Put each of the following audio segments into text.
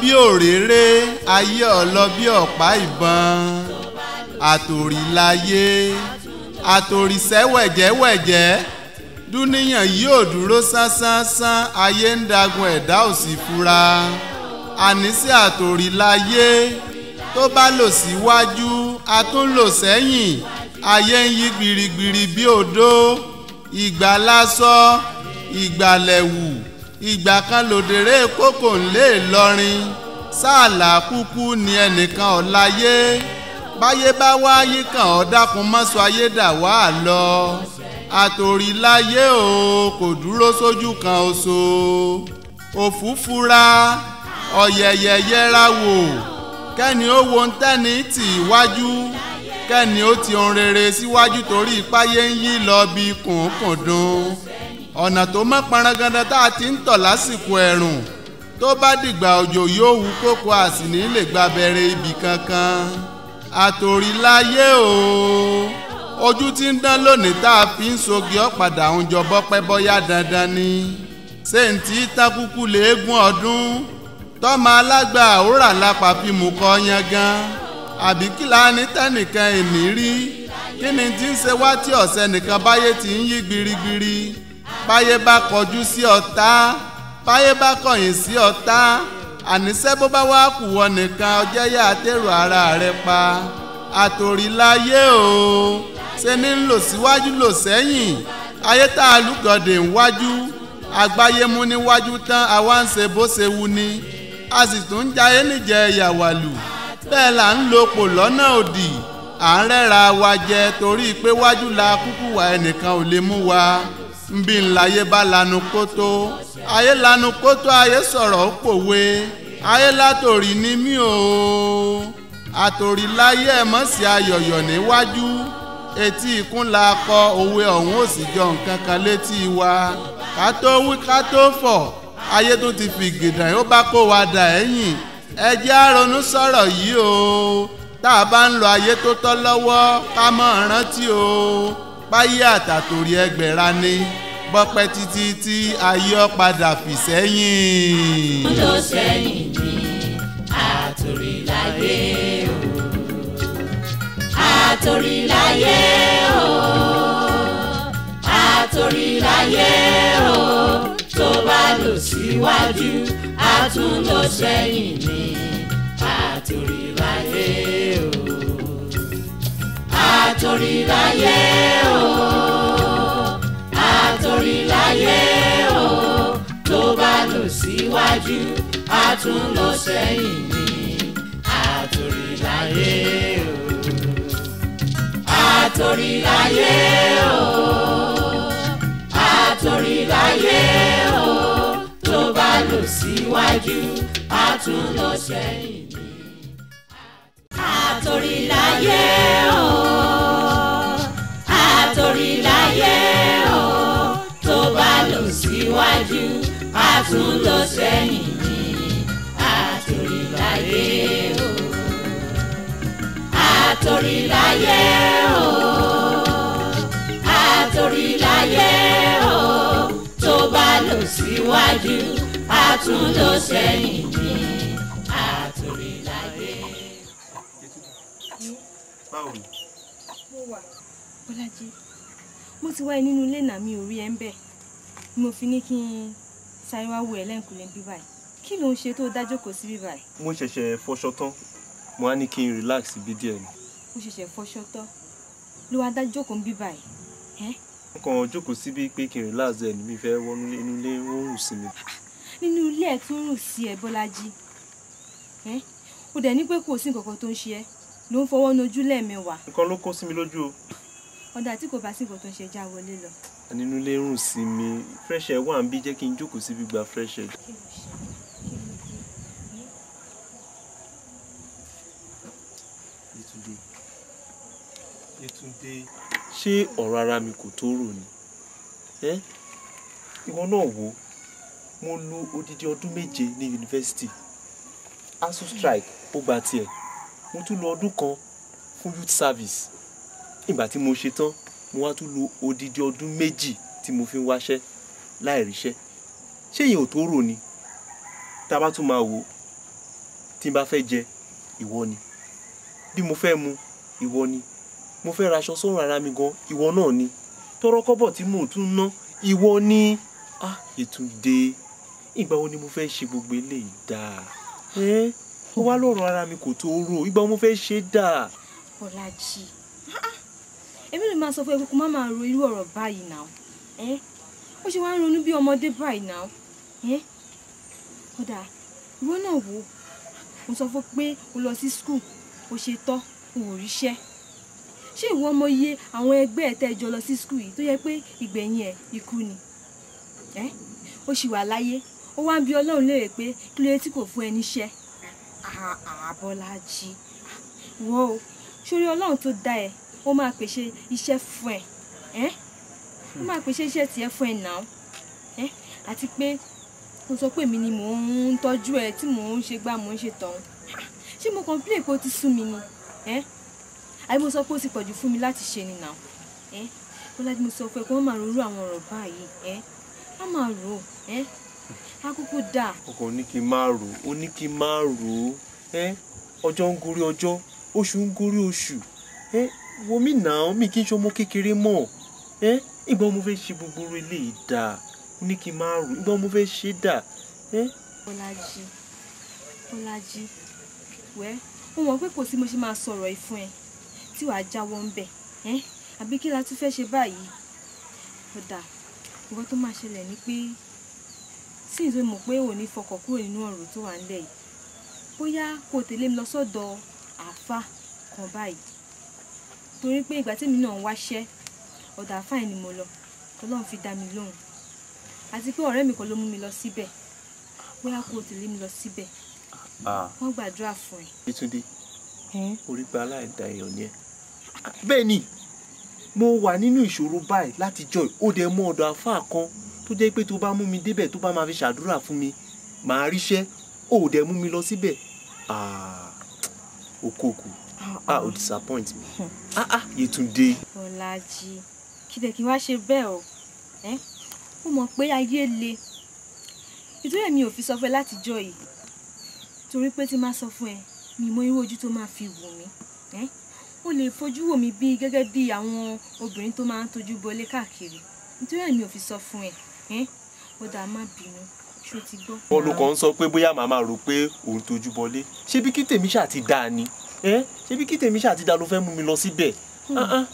bí òréré ayé ọlọ bí ọ̀pá ìbọn àtòrìláyé àtòrìsẹ́wẹ̀jẹ́wẹ̀jẹ́ dúníyàn yóò dúró sánsánsánsán ayé ń dagun ẹ̀dá òsì fura ànísí àtòrìláyé tó bá lọ síwájú a tún lọ sẹ́yìn ayé ń yí gbirigbiri bí odó ìgbà lásọ ìgbàlẹ̀wù ìgbà kan lòdèrè kókò ńlé lọrin sáàlà kúkú ni ẹnìkan ọ̀láyé báyé bá wá yíkan ọ̀dàkùn mọ́sọ ayé dà àtòríláyé o kò dúró sójú kan oṣù òfúfura ọ̀yẹ̀yẹ̀yẹra wò kẹ́ni ó wo ń tẹ́ni tì wájú kẹ́ni ó ti ohun rere síwájú torí ipáyé ń yí lọ bí kùnkùn dùn ọ̀nà tó mọ́ parangandà tá a ti ń tọ̀ lásìkò ẹ̀rùn tó bá dìgbà òjò yóò wú kókó àsìní lè gba abẹ́rẹ́ ibì kankan àtòrí o ojú tí ń dán lónìí tá a fi ń sogi ọ̀padà ń jọ bọ́pẹ́ bọ́yá dandan ni sèǹtì takúkú léegun ọdún tọ́mọ alágbà òwúrà lápá fi mú kọ́ yan gan àbí kí la ní tẹ́nìkan ènì rí kí ni tí ń ṣe wá tí ọ̀sẹ̀ nìkan báyé ti ń yí gbirigbiri báyé bá kọjú sí ọ̀tá báyé bá kọ̀yìn sí ọ̀tá àníṣẹ́ bó bá wá kù wọ nìkan ọjẹ́ yà á ara rẹ pa àtòrí láyé o ṣe ní lò síwájú lò sẹ́yìn ayé tá a lùgọ̀dẹ̀ ń àgbáyé mú níwájú tán àwa ń ṣe bó ṣe wu ni a sì tún ń jayé níjẹ ìyàwálù bẹ́ẹ̀ là ń lo pò lọ́nà òdì à ń rẹ́ra wa jẹ torí pé wájú la kúkú wa ẹnìkan ò lè mú wa nbí ńláyé bá lanu kótó ayé lanu kótó ayé sọ̀rọ̀ ó pòwe ayé látòrí ni mí o àtòrí láyé ẹ̀ mọ̀ sí ayọ̀yọ̀ níwájú etí ikún la kọ òwe ọ̀hún ò sì jọ nǹkan kan létí wa ká tó wí ká tó fọ̀ ayé tó ti fi gèdè ó bá kó wa dà ẹ̀yìn ẹ àrònú sọ̀rọ̀ yìí o tá a bá ń lo ayé tó tọ́ lọ́wọ́ ká mọ̀ rántí o páyé àtàtòrí ẹgbẹ̀ra ni bọ́pẹ́ títí tí ayé ọ padà fì sẹ́yìn. ló sẹ́yìn ní àtòríláyé o àtòríláyé o àtòríláyé o tó bá lọ síwájú àtúnlọ sẹ́yìn ní àtòríláyé o àtòríláyé o àtòríláyé o tó bá lọ síwájú a tún lọ sẹ́yìn ní àtòríláyé o àtòríláyé o àtòríláyé o tó bá lọ síwájú a tún lọ sẹ́yìn àtòrìláyé o àtòrìláyé o tó bá lọ síwájú a tún lọ sẹ́yìn ní àtòrìláyé o àtòrìláyé o àtòrìláyé o tó bá lọ síwájú báwo ni. mo wà bọ́lájí mo ti wá ẹ nínú ilé náà mi ò rí ẹ ń bẹ̀ mo fi ní kí n sáré wá wo ẹ lẹ́ǹkulẹ̀ bí báyìí kí ló ń ṣe tó dá jókòó sí bí báyìí. mo ṣẹ̀ṣẹ̀ fọṣọ tán mo á ní kí n relax bí díẹ̀ ni. mo ṣẹ̀ṣẹ̀ fọṣọ tán ló wá dá jókòó bí báyìí. mo kàn jókòó síbi pé kí n relax ẹ̀ níbi ìfẹ́ wọnú inú ilé ó rùn sí mi. Ah, nínú ilé ẹ̀ tó rùn sí ẹ bọ́lájí ó dẹ̀ ní pé kò sí nǹkan kan tó ń ṣe ẹ́ ló ń fọwọ́ nojú lẹ́ẹ̀mẹwàá. nǹkan ló kó sí mi lójú o. ọ̀dà tí kò bá sí nǹkan tó ń ṣe já wọlé lọ. nínú ilé rùn sí mi fresh air wà ń bí jẹ́ kí n jókòó síbi gba fresh air. Yétúndé Yétúndé ṣé ọ̀rọ̀ ara mi kò tó rò ni ìwọ náà wò mo lò odidi ọdún méje ní yunifásitì asu strike ó gba tiẹ̀ mo tún lo ọdún kan fún youth service nígbà tí mo ṣe tán mo wá tún lo odidi ọdún méjì tí mo fi ń wáṣẹ́ láì ríṣẹ́ ṣé èyàn ò tó rò ni tá a bá tún máa wò ó tí n bá fẹ́ jẹ ìwọ ni bí mo fẹ́ mu ìwọ ni mo fẹ́ raṣọ sọ́run ara mi gan ìwọ náà ni tọrọ kọ́bọ̀ tí mò tún ná ìwọ ni ah ètùdé ìgbà wo ni mo fẹ́ ṣe gbogbo eléyìí dáa. Eh? ó wá lọ́rọ̀ ara mi kò tó rò ìgbà mo fẹ́ ṣe dà. ọ̀làjì èmi lè máa sọ fún ẹ pé kó má máa ro irú ọ̀rọ̀ báyìí náà ó ṣe wá ń ronú bí ọmọdé báyìí náà kódà ìwọ náà wò ó sọ fún pé o lọ sí skul o ṣe tọ́ o ò ríṣẹ́ ṣé ìwọ ọmọ iye àwọn ẹgbẹ́ ẹ̀ tẹ́jọ lọ sí skul yìí tó yẹ pé ìgbẹ̀yìn ẹ̀ ikú ni ó ṣì wà láyé ó wá ń bi ọlọ́run léèrè pé kí ló yẹ tí kò fún ẹ níṣẹ́ Bọ́lájí wo sórí ọlọ́run tó dá ẹ ó máa pèsè iṣẹ́ fún ẹ ó máa pèsè iṣẹ́ tiẹ̀ fún ẹ náà àti pé mo sọ pé èmi ni mò ń tọ́jú ẹ tí mò ń ṣe gbá mò ń ṣe tọ̀hún ṣé mo complain pé ó ti sú mi ni àbí mo sọ pé ó ti pọ̀jù fún mi láti ṣe ni náà Bọ́lájí mo sọ pé kó má máa ronú àwọn ọ̀rọ̀ báyìí má máa rò ó akókó dà. ọkọ ní kí n máa rò ó ní kí n máa rò ó ọjọ́ ń gorí ọjọ́ oṣù ń gorí oṣù wo mí náà mi kì í ṣe ọmọ kékeré mọ́ ìgbà mo fẹ́ ṣe gbogbo eléyìí dà ó ní kí n máa rò ìgbà mo fẹ́ ṣe dà. Bọ́lájí Bọ́lájí wẹ́ ó mọ̀ pé kò sí mo ṣe máa sọ̀rọ̀ ẹ̀ fún ẹ tí wàá jáwọ́ ń bẹ̀ àbí kí la tún fẹ́ ṣe báyìí. ó dà tó máa ṣẹlẹ̀ ni pé sí ìtò mọ̀ pé òní fọkàn kúrò nínú ọ̀rọ̀ tó wà nílẹ̀ yìí bóyá kò tẹ̀lé mi lọ sọ́dọ̀ àáfà kan báyìí torí pé ìgbà tèmi náà ń wáṣẹ́ ọ̀dọ̀ àáfà yìí ni mo lọ tọ́lọ́run fi dá mi lóhùn àti pé ọ̀rẹ́ mi kan ló mú mi lọ síbẹ̀ bóyá kò tẹ̀lé mi lọ síbẹ̀ wọ́n gbàdúrà fún ẹ. Yétúndé orí pa aláìda èèyàn ni ẹ bẹ́ẹ̀ ni mo wà nínú ìṣòro báyìí látijọ́ ò dẹ̀ mọ tó jẹ́ pé tó bá mú mi débẹ̀ tó bá máa fi ṣàdúrà fún mi màá ríṣẹ́ ò dẹ̀ mú mi lọ síbẹ̀ okòkò ah o ah, ah, ah. disappoint me hmm. ah ah Yétúndé. Ọlájí kìdẹ̀ kí wá ṣe bẹ́ẹ̀ o ó mọ̀ pé ayé le ìtúrẹ́ mi ò fi sọ fún ẹ látijọ́ yìí torí pé tí má sọ fún ẹ mi mọ irú ojú tó máa fi wò mí ó lè fojú wò mí bí gẹ́gẹ́ bí àwọn obìnrin tó máa ń tọ́jú bọlé káàkiri nítorí èmi ò fi sọ fún ẹ ó dáa má bínú ṣó ti gbọ́. wọn ló kàn ń sọ pé bóyá màá máa rò pé òun tójú bọlé ṣebí kí tèmi ṣáà ti dáa ni ṣebí kí tèmi ṣáà ti dáa ló fẹ́ mú mi lọ síbẹ̀. Hmm. Ah, ah.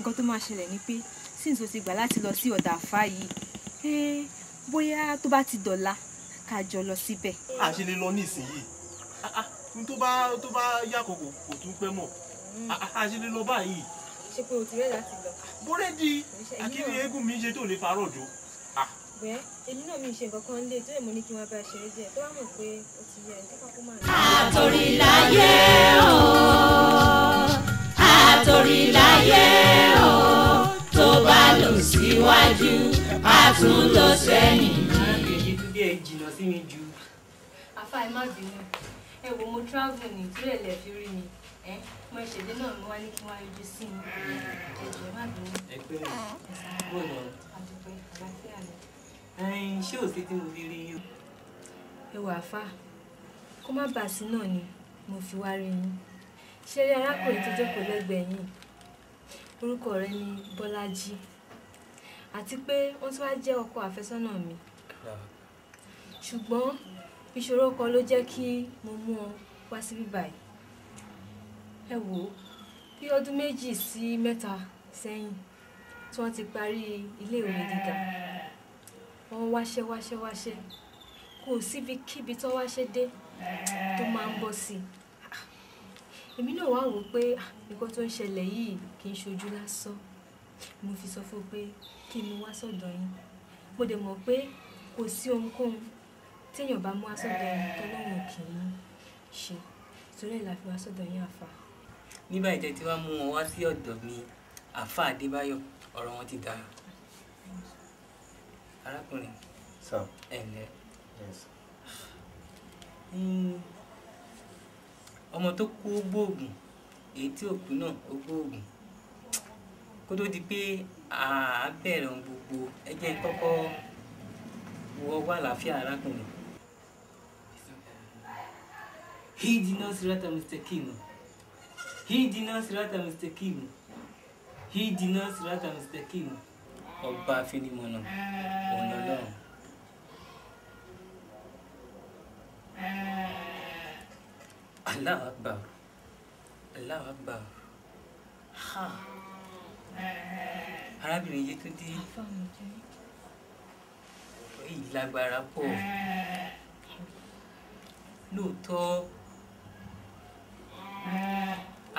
nǹkan tó máa ṣẹlẹ̀ ni pé síǹsì ó ti gbà láti lọ sí ọ̀dà àfá yìí bóyá tó bá ti dọ̀la ká jọ lọ síbẹ̀. a ṣe lè lọ nísìnyìí ah, tó bá yá kò tún pẹ́ mọ́ hmm. a ṣe lè lọ báyìí ṣe pé o ti rẹ́ láti lọ. búrẹ́dì akíní eégún mi ṣe tó lè farọ́ jò. bẹ́ẹ̀ èmi náà mi ṣe nǹkan kan lé tó lè mú ní kí wọ́n bá ṣe é díẹ̀ tó bá mọ̀ pé o ti yẹ ẹni kọ́kọ́ máa. àtòrìláyé o àtòrìláyé o tó bá lọ síwájú a tún lọ sẹ́yìn. ẹ jìnnà sí mi jù. àfa ẹ má bínú ẹ wo mo travel ní ìtúrẹ̀lẹ̀ fi rí mi ẹ mo ìṣèlú náà mo wá ní kí wọ́n yọjú sí mi ẹ̀jẹ̀ má bínú. ẹ pé mi bó lọ. àdùpẹ́ àlàáfíà ni. ẹyin ṣé ò sí tí mo fi rí yín. ẹ wà fà kó má bàa sí náà ni mo fi wá rí yín ṣé rí arákùnrin tó jókòó lẹ́gbẹ̀ẹ́ yìí orúkọ rẹ̀ ni Bọ́lájí àti pé wọ́n tún wá jẹ́ ọkọ àfẹ́sọ́nà mi ṣùgbọ́n ìṣòro kan ló jẹ́ kí mo mú ọ wá síbí báyìí ẹ wò ó bí ọdún méjì sí mẹ́ta sẹ́yìn tí wọ́n ti parí iléèwé gíga wọ́n wáṣẹ́ wáṣẹ́ wáṣẹ́ kò síbi kíbi tó wáṣẹ́ dé tó máa ń bọ́ sí i ah, èmi náà wá wò ó pé ah, nǹkan tó ń ṣẹlẹ̀ yìí kì í ṣojú lásán mo fi sọ fún un pé kí n wá sọ́dọ̀ yín mo dẹ̀ mọ̀ pé kò sí ohunkóhun téèyàn bá mú wá sọ́dọ̀ yín tó lóun kì í ṣe torí ẹ̀ la fi wá sọ́dọ̀ yín àfa nígbà ìjẹ́ tí wọ́n mú wọn wá sí ọ̀dọ̀ mi àfa Adébáyọ̀ ọ̀rọ̀ wọn ti dà arákùnrin ẹ̀lẹ́ hmm. ọmọ tó kú gbóògùn èyí tí òkú náà ó gbóògùn kó tó di pé àá bẹ̀rẹ̀ ohun gbogbo ẹ jẹ́ kọ́kọ́ wọ wà láàfíà arákùnrin. He did not write a mistake hídínà síráta mùsítẹ́kìmù hídínà síráta mùsítẹ́kìmù ọba afinimọ̀nà ọ̀nà ọlọ́run. Allahu Akbar Allahu Akbar ha arábìnrin yìí tó dé ìlágbára pọ̀ lóòótọ́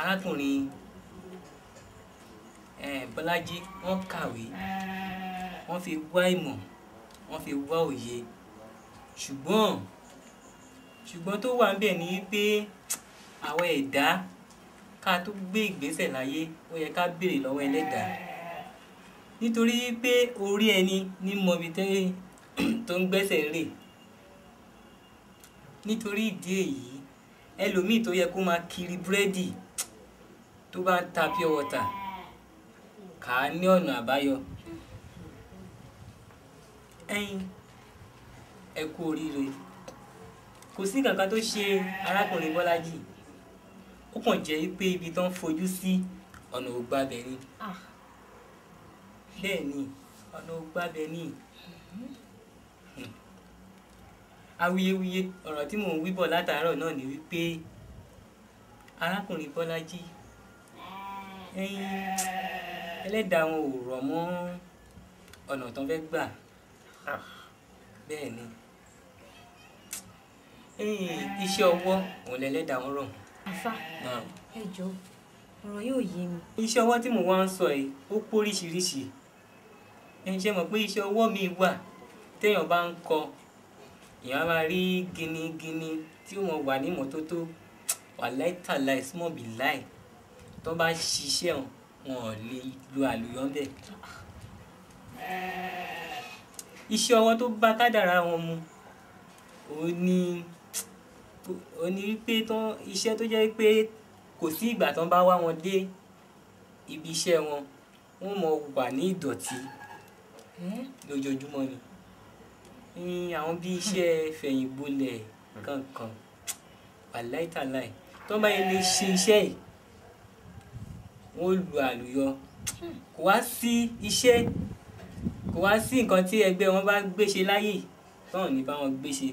arákùnrin Bọ́lájí wọ́n kàwé wọ́n fi wá ìmọ̀ wọ́n fi wá òye ṣùgbọ́n ṣùgbọ́n tó wà níbẹ̀ ni pé àwọn ẹ̀dá ká tó gbé ìgbésẹ̀ láyé ó yẹ ká béèrè lọ́wọ́ ẹlẹ́dàá nítorí pé orí ẹni ní mọbi tẹ́lẹ̀ tó ń gbẹ́sẹ̀ rè nítorí ìdí èyí ẹlòmíì tó yẹ kó máa kiri búrẹ́dì tó bá ń ta pure water kà á ní ọ̀nà àbáyọ ẹyin ẹ kú oríire kò sí kankan tó ṣe arákùnrin Bọ́lájì ó kàn jẹ́ pé ibi tó ń fojú sí ọ̀nà ògbàbẹ̀ ni ah. bẹ́ẹ̀ ni ọ̀nà ògbàbẹ̀ ni mm-hmm. awuyewuye ọ̀rọ̀ tí mò ń wí bọ̀ látàárọ̀ náà ni wípé arákùnrin Bọ́lájì ẹlẹ́dàá wọn ò rọ̀ mọ́ ọ̀nà tán fẹ́ gbà ah. bẹ́ẹ̀ ni iṣẹ́ ọwọ́ òun lẹ́lẹ́dàá wọn rọ̀. àfa ẹ jọ ọ̀rọ̀ yóò yé mi. iṣẹ́ ọwọ́ tí mo wá ń sọ yìí ó póríṣiríṣi ẹ ṣe mọ̀ pé iṣẹ́ ọwọ́ mi wà téèyàn bá ń kọ èèyàn á máa rí gínígíní tí ó wà ní ìmọ́tótó wà láìtàláì small be láì. Like tó bá ṣiṣẹ́ wọn ò lè lo àlùyọ ń bẹ̀. iṣẹ́ ọwọ́ tó bá kádàrá wọn mu ò ní ò ní wípé iṣẹ́ tó jẹ́ pé kò sí ìgbà tó ń bá wá wọn dé ibi iṣẹ́ wọn wọ́n mọ̀ wà ní ìdọ̀tí lójoojúmọ́ ni ní àwọn bí iṣẹ́ fẹ̀yìnbolẹ̀ kankan wàláìtàláì tó bá yẹ lè ṣe iṣẹ́ yìí wọ́n lu àlùyọ kò wá sí iṣẹ́ kò wá sí nǹkan tí ẹgbẹ́ wọn bá gbéṣe láyè báwọn ní bá wọn gbéṣe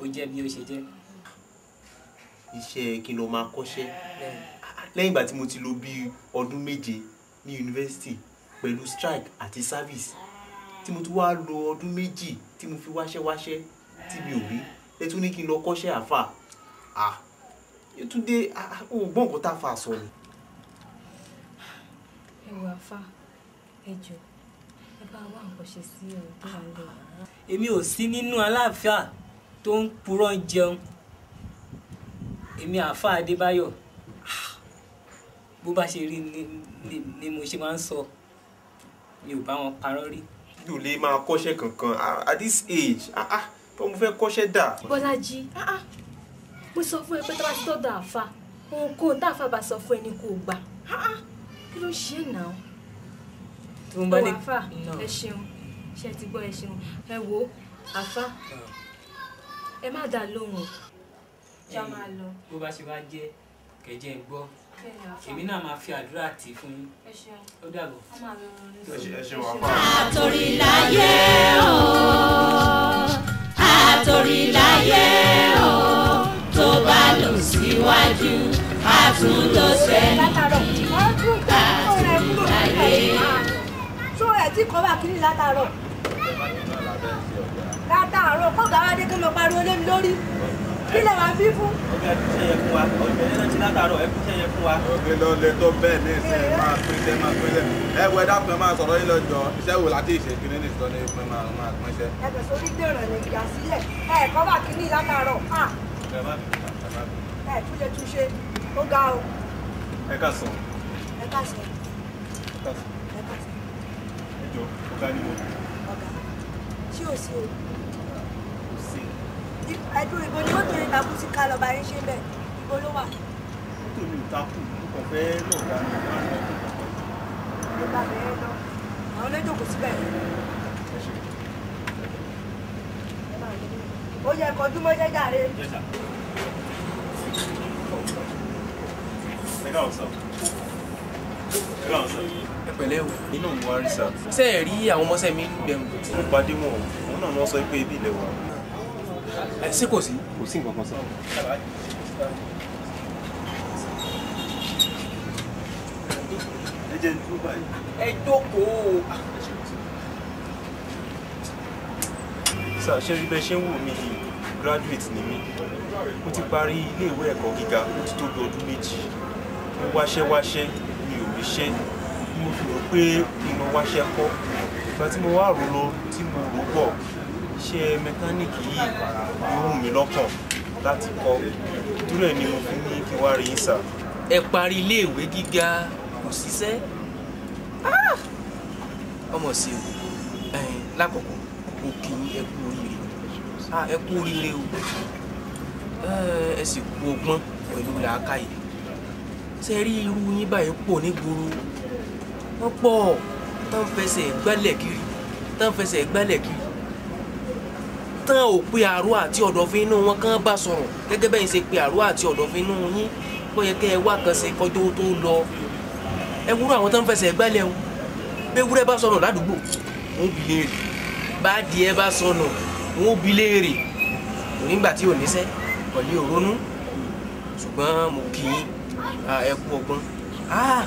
ó jẹ́ bí ó ṣe jẹ́. iṣẹ́ kí n máa kọ́ṣẹ́ lẹ́yìn ìgbà tí mo ti lò bíi ọdún méje ní yunifásitì pẹ̀lú strike àti service tí mo ti wá lò ọdún méjì tí mo fi wáṣẹ́wáṣẹ́ tí mi ò rí lẹ́tún ní kí n lọ kọ́ṣẹ́ àáfà Yétúndé ò gbọ́ nǹkan tá a fa àṣọ ni. ẹ wò àfa ẹ jọ ẹ bá wá nǹkan ṣe sí ọ̀rọ̀ tó wà lẹ́yìn. èmi ò sí nínú aláàfíà tó ń purọ́ jẹun èmi àfa Adébáyọ̀ bó bá ṣe rí ni mo ṣe máa ń sọ mi ò bá wọn parọ́ rí. mi ò lè máa kọ́ṣẹ́ kankan at this age tó ah, ah, mo fẹ́ kọ́ṣẹ́ dà. Bọ́lájí ah, mo sọ fún ẹ pé tó bá ti tọ́dọ̀ àfa ohunkóhun tá àfa bá sọ fún ẹ ni kò gbà kí ló ṣe náà. tó ń bá dé àfa ẹ ṣeun ṣe ti gbọ́ ẹ ṣeun ẹ wo àfa ẹ má dá lóhùn já máa lọ. bó bá ṣe wá jẹ kẹjẹ ń gbọ́ èmi náà máa fi àdúrà tì fún yín ó dàbọ̀. àtòrí láyé o àtòrí láyé o síwájú àtúntò sẹ́yìn àti ayé. ṣó ẹ̀ tí kò bá kiri látàárọ̀ látàárọ̀ kó gàwá dé kí n lọ pariwo lé mi lórí kí lè wá bí fún. ọgbẹ́ ti ṣe yẹ fún wa ọgbẹ́ ní láti látàárọ̀ ẹ fi ṣe yẹ fún wa. òkè lọ lè tó bẹ́ẹ̀ ní ìsìn máa pínṣẹ́ máa pínṣẹ́ ẹ wẹ dápẹ́ máa sọ̀rọ̀ yín lọ́jọ́ iṣẹ́ wo láti ìṣèjú nínú ìsọ̀nà ìpín máa máa pínṣẹ́. ẹgbẹ̀sọ̀ orí dèrò ní ìgbà sílẹ̀ ẹ̀ẹ́kọ́ bá kí ní látàárọ̀ ẹ̀ tún lè ó ga o. ẹ ká sọ. ẹ ká sọ. ẹ ká sọ. ẹ ká sọ. ẹ jọ ọ̀gá ni mo. ọ̀gá tí ò sí o. kò sí. ìbò ni ó tó ìta sí ká lọ́ba yín ṣe bẹ́ẹ̀ ìbò ló wà. ó tó mi mo kàn fẹ́ lọ́ọ̀gá mi máa ń lọ. ìbá mi ẹ lọ àwọn onídùn kò síbẹ̀. ó yẹ kọjú mọ́ jẹ́jà rẹ ẹ pẹ̀lẹ́ o inú mi wá rí sá. ṣé ẹ rí àwọn ọmọọṣẹ́ mi bẹ̀rù. mo pàdé mọ òun náà lọ sọ pé ibi ilẹ̀ wa. ẹ ṣé kò sí. kò sí nǹkan kan sá. ẹ jókòó sà ṣe rí bẹ́ẹ̀ ṣe ń wò mí yìí graduate ni mí mo ti parí ilé ìwé ẹ̀kọ́ gíga ó ti tó bí ọdún méjì wáṣẹ́wáṣẹ́ mi ò rí ṣe mo fi rò pé kí n wáṣẹ́ kọ́ ìgbà tí mo wá rò lọ tí mo rò bọ̀ iṣẹ́ mẹkáníìkì yìí ni ó wù mí lọ́kàn láti kọ́ ìdúró ẹ̀ ni mo fi ní kí n wá rí yín sà. ẹ parí iléèwé gíga kò ṣiṣẹ́ ah! ọmọ sí o lákọ̀ọ́kọ́ mo kì í ẹ kú oríire ah, ẹ kú oríire o ẹ sì kú ọgbọ́n pẹ̀lú làákàyè ṣe rí irú yín báyìí pọ̀ nígboro wọ́n pọ̀ tán fẹsẹ̀ gbálẹ̀ kiri tán fẹsẹ̀ gbálẹ̀ kiri tán ò pe àrò àti ọ̀dọ̀fín inú wọn kàn bá sọ̀rọ̀ gẹ́gẹ́ bẹ́ẹ̀ ṣe pe àrò àti ọ̀dọ̀fín inú yín kó yẹ kẹ́ ẹ wá kan ṣe kọjọ́ tó lọ ẹ wúrọ̀ àwọn tán fẹsẹ̀ gbálẹ̀ o gbẹ́wúrẹ́ bá sọ̀rọ̀ ládùúgbò wọn bi léèrè bá díẹ̀ bá sọnù wọn bi léèrè nígbà tí ò níṣẹ́ ọ̀lẹ́ òrónú ṣùgbọ́n mo kì í Ah, ẹ kú ọgbọ́n ah,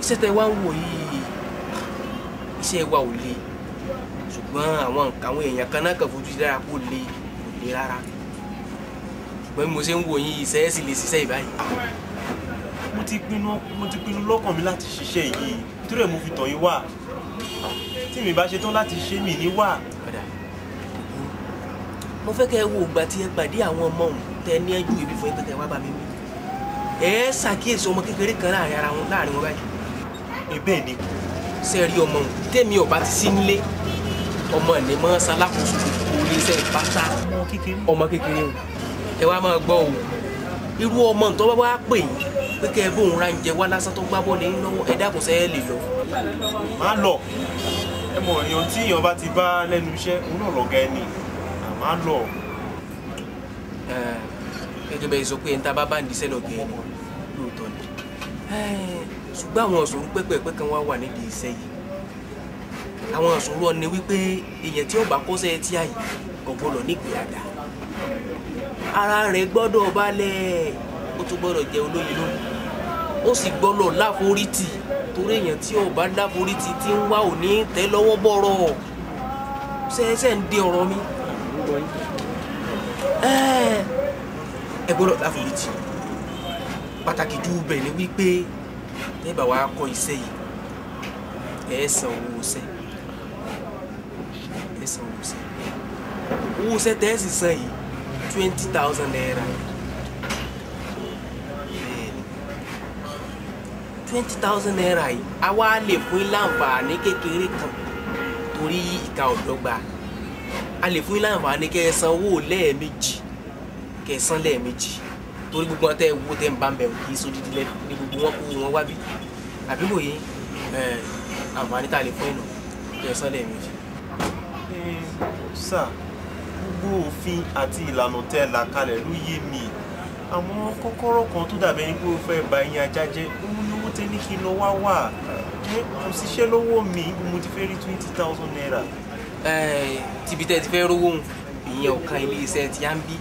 iṣẹ́ tẹ wá ń wò yìí iṣẹ́ wa ò le ṣùgbọ́n àwọn nǹkan àwọn èèyàn kan náà kàn fojú dára kó le kò le rárá ṣùgbọ́n mo ṣe ń wò yìí iṣẹ́ sì lè ṣiṣẹ́ ìbáyìí. mo ti pinnu mo ti pinnu lọ́kàn mi láti ṣiṣẹ́ yìí nítorí ẹ̀ mo fi tàn yín wá tí mi bá ṣe tán láti ṣe mí ní wà. mo fẹ́ kẹ́ ẹ wo ìgbà tí ẹ pàdé àwọn ọmọ òun tẹ ní ẹjú ìbí fún ìpẹtẹ wá bá mi wí ẹ ṣàkíyèsí ọmọ kékeré kan láàrin ara wọn láàrin wọn báyìí ẹ̀bẹ̀ ni ṣe rí ọmọ òun tèmi ọba ti sí nílé ọmọ ní mọ ṣalákòóso orí iṣẹ́ ìpátá ọmọ kékeré o ẹ wá máa gbọ́ o irú ọmọ tó bá wá pè yín pé kẹ́ ẹ bóun ra ń jẹ wá lásán tó gbá bọ́ọ̀lù yín lọ́wọ́ ẹ dákun sẹ́ lè lọ. má lọ ẹ mọ èèyàn tí èèyàn bá ti bá lẹ́nu iṣẹ́ òun náà lọ̀gá ẹni àmọ́ á lọ gẹ́gẹ́ bẹ́ẹ̀ sọ pé ẹni tá a bá bá ń di sẹ́lọ̀ gẹ̀ẹ́ ni lóòótọ́ ni ṣùgbọ́n àwọn ọ̀sọ̀rọ̀ pẹ́pẹ́pẹ́ kan wá wà nídìí iṣẹ́ yìí àwọn ọ̀sọ̀rọ̀ ni wípé èèyàn tí ó bá kọ́ṣẹ́ tí àyè kò gbọ́dọ̀ àdá ara rẹ̀ gbọ́dọ̀ balẹ̀ ó tún gbọ́dọ̀ jẹ́ olóyè lónìí ó sì gbọ́dọ̀ láforítì torí èèyàn tí ó bá láforítì tí ń wá òní tẹ́ lọ́wọ́ bọ̀rọ̀ ṣẹ́ṣẹ́ ń dé ọ̀rọ̀ mi ẹ gbọ́dọ̀ láforíjì pàtàkì jù bẹ̀ ni wípé tẹ́ bá wa kọ́ iṣẹ́ yìí ẹ san owó iṣẹ́ ẹ san owó iṣẹ́ owó iṣẹ́ tẹ́ ẹ sì san yìí twenty thousand naira twenty thousand naira yìí a wá lè fún yín láǹfààní kékeré kan torí ìka ọ̀dọ́gba a lè fún yín láǹfààní kẹ́ ẹ san owó lẹ́ẹ̀mejì kẹ́ ẹ san lẹ́ẹ̀mejì torí gbogbo wọn tẹ́ ẹ wo tẹ́ ń bá ń bẹ̀ kì í sódì dílẹ̀ ní gbogbo wọn kó wọn wá bí àbí kò yé àǹfààní tá a lè fún ìnà kẹ́ ẹ san lẹ́ẹ̀mejì. sà gbogbo òfin àti ìlànà tẹ́ ẹ là kalẹ̀ ló yé mi àmọ́ kọ́kọ́rọ́ kan tó dàbẹ́ ní pé o fẹ́ ba ẹyin ajá jẹ́ òun lówó tẹ́ ní kí n lọ wá wà kò síṣẹ́ lọ́wọ́ mi ibi mo ti fẹ́ rí twenty thousand naira. tibitẹ ti fẹ́ rówó ìyẹn ọ̀kan ilé iṣẹ́ ti à ń bí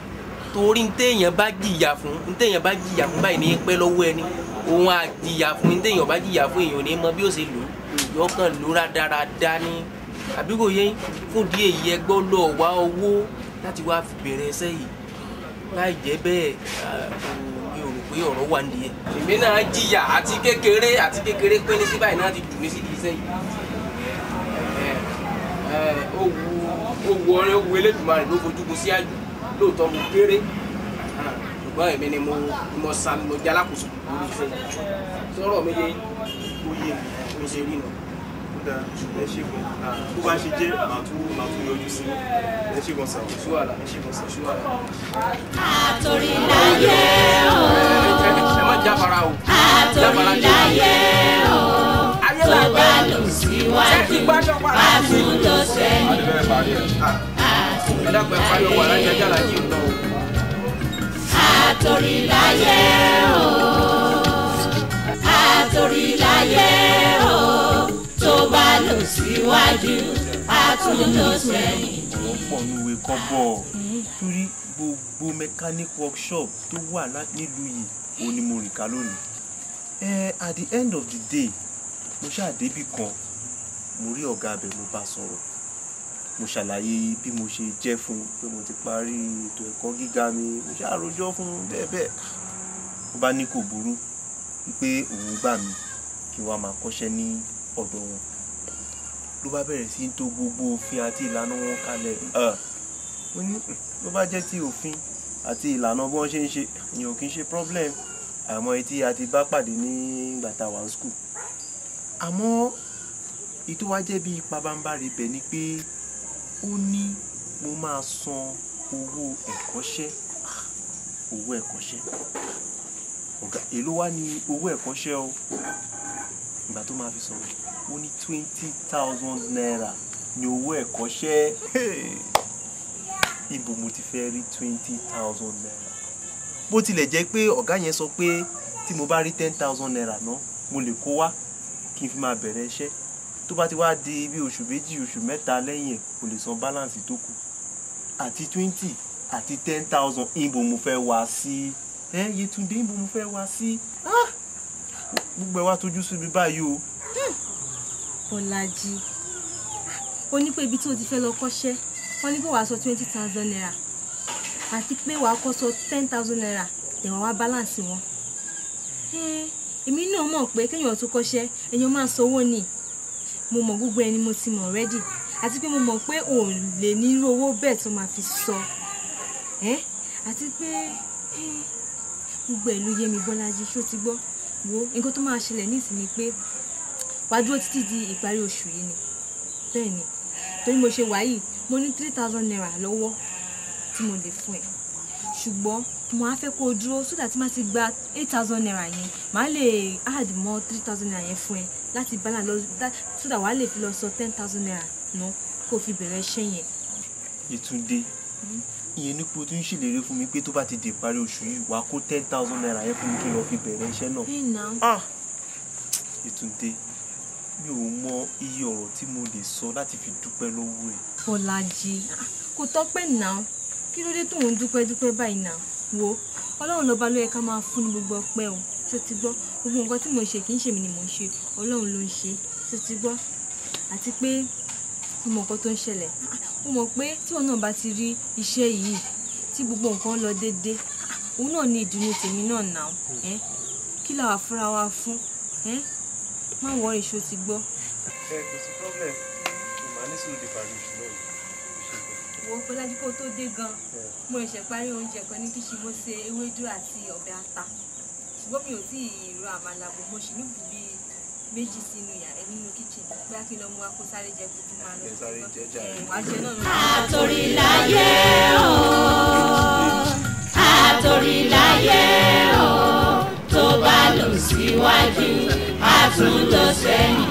torí ntẹ̀yàn bá jìyà fún ntẹ̀yàn bá jìyà fún báyìí ní pẹ́ lọ́wọ́ ẹni òun àjìyà fún ntẹ̀yàn bá jìyà fún èèyàn ní mọ bí ó ṣe lò yọ kàn ló rádaràda ní àbíkò yẹn fún díẹ̀ yìí ẹ gbọ́dọ̀ wá owó láti wá bẹ̀rẹ̀ ẹsẹ̀ yìí láì jẹ́ bẹ́ẹ̀ mi ò rò pé ọ̀rọ̀ wà nìyẹn. èmi náà jìyà àti kékeré àti kékeré pé ní sí báyìí náà ti dùn mí sí ìdíṣẹ́ yìí ó wu ó wu ọ̀rẹ́ ó elédùnmarè ló fojú gun sí àjò lóòótọ́ mo kéré ṣùgbọ́n èmi ni mo mo san mo jẹ́ alákòóso lórí iṣẹ́ sọ̀rọ̀ mi yé oyè mi ṣe rí nù. ẹ ṣe gan bó bá ṣe jẹ́ màá tún màá tún yọjú sí ẹ ṣe gan sàn ṣú àlà ẹ ṣe gan sàn ṣú àlà. àtòrìláyé o. ẹ má o. tó bá lò síwájú bá sẹ́yìn dákun ẹ̀ parí ọwọ́ alájà jára yìí ń lọ o. àtòrìláyé o àtòrìláyé o tó bá lọ síwájú àtúntò sẹ́yìn. gbogbo mechanic workshop tó wà nílùú yìí òun ni mo rìn ká lónìí. at the end of the day mo ṣáà débì kan mo rí ọ̀gá abẹ mo bá sọ̀rọ̀ mo ṣàlàyé bí mo ṣe jẹ́ fún un pé mo ti parí ètò ẹ̀kọ́ gíga mi mo ṣe àròjọ fún un bẹ́ẹ̀ bẹ́ẹ̀ ó bá ní kò burú wípé òun gbà mí kí wàá máa kọ́ṣẹ́ ní ọ̀dọ̀ wọn ló bá bẹ̀rẹ̀ sí tó gbogbo òfin àti ìlànà wọn kalẹ̀ ó ní ló bá jẹ́ ti òfin àti ìlànà bí wọ́n ṣe ń ṣe ìyẹn ò kì í ṣe problem àmọ́ etí a ti bá pàdé ní gbàtà wà school àmọ́ ètò bíi pabambarì bẹ̀ ni pé. Pe ó ní mo máa san owó ẹ̀kọ́ṣẹ́, ah, owó ẹ̀kọ́ṣẹ́. Ọ̀gá, èló wá ni owó ẹ̀kọ́ṣẹ́ o? Ìgbà tó máa fi san, ó ní twenty thousand naira ni owó ẹ̀kọ́ṣẹ́. Ibo mo ti fẹ́ rí twenty thousand naira? Bó tilẹ̀ jẹ́ pé ọ̀gá yẹn sọ pé tí mo bá rí ten thousand naira náà, mo lè kó wá kí n fi máa bẹ̀rẹ̀ iṣẹ́ tó bá ti wá di bí oṣù méjì oṣù mẹ́ta lẹ́yìn ẹ̀ kò lè san balance tó kù àti twenty àti ten thousand ibo mo fẹ́ wá sí ẹ Yétúndé ibo mo fẹ́ wá sí ah! gbogbo ẹ wá tójú sí mi báyìí o. Hmm. Ọlájí ó ní pé ibi tí o ti fẹ́ lọ kọ́ṣẹ́ wọ́n ní pé wàá sọ twenty thousand naira àti pé wàá kọ́ sọ ten thousand naira tẹ̀wọ̀n wá balance wọn. èmi náà mọ̀ pé kéèyàn tó kọ́ṣẹ́ èèyàn máa sanwó ni mo mọ gbogbo ẹni mo ti mọ rẹ́dì àti pé mo mọ pé ò lè nírú owó bẹ́ẹ̀ tó máa fi sọ àti pé gbogbo ẹ̀ ló yé mi Bọ́lájí ṣó ti gbọ́ wo nǹkan tó máa ṣẹlẹ̀ nísìnyí pé wàá dúró títí di ìparí oṣù yìí ni bẹ́ẹ̀ ni torí mo ṣe wáyì mo ní three thousand naira lọ́wọ́ tí mo lè fún ẹ ṣùgbọ́n mo á fẹ́ kó o dúró so that máa ti gba eight thousand naira yẹn màá lè add mọ́ three thousand naira yẹn fún ẹ láti bá náà lọ so that wàá lè fi lọ sọ ten thousand naira ná kó o fi bẹ̀rẹ̀ iṣẹ́ yẹn. Yétúndé mhm. ìyẹn nípò tó ń ṣèlérí fún mi pé tó bá ti dé parí oṣù yìí wàá kó ten thousand naira yẹn fún mi kí n lọ fi bẹ̀rẹ̀ iṣẹ́ náà. Yétúndé ah! mi ò mọ iye ọ̀rọ̀ tí mo lè sọ láti fi dúpẹ́ lọ́wọ́ ẹ̀. Bọ́lájí ah, kò tọ́pẹ́ náà kí ló dé tó ń dúpẹ́ dúpẹ́ báyìí náà wo ọlọ́run lọ́ba ló yẹ ká máa fún ní gbogbo ọpẹ́ o ṣó ti gbọ́ gbogbo nǹkan tí mò ń ṣe kì í ṣèmi ni mò ń ṣe ọlọ́run ló ń ṣe ṣó ti gbọ́ àti pé mo mọ nǹkan tó ń ṣẹlẹ̀ mo mọ̀ pé tí òun náà bá ti rí iṣẹ́ yìí tí gbogbo nǹkan lọ déédéé òun náà ní ìdùnnú tèmi náà nà ẹ́ kí làwa fúnra wa fún má wọrí ṣó ti gbọ́. ẹ kò sí problem ìmọ̀ àníṣe ló dé parí wo Bọ́lájí kó tó dé gan mo ṣẹ̀ṣẹ̀ parí oúnjẹ kan ní kíṣì mo ṣe ewédú àti ọbẹ̀ ata ṣùgbọ́n mi ò tí ì ro àmàlà mo ṣì ní bùbí méjì sínú yàrá nínú kíchìn bóyá kí n lọ mú wa sáré jẹ kúkú máa lọ sí wàá àtòrí láyé o àtòrí láyé o tó bá lọ síwájú àtúntò sẹ́yìn.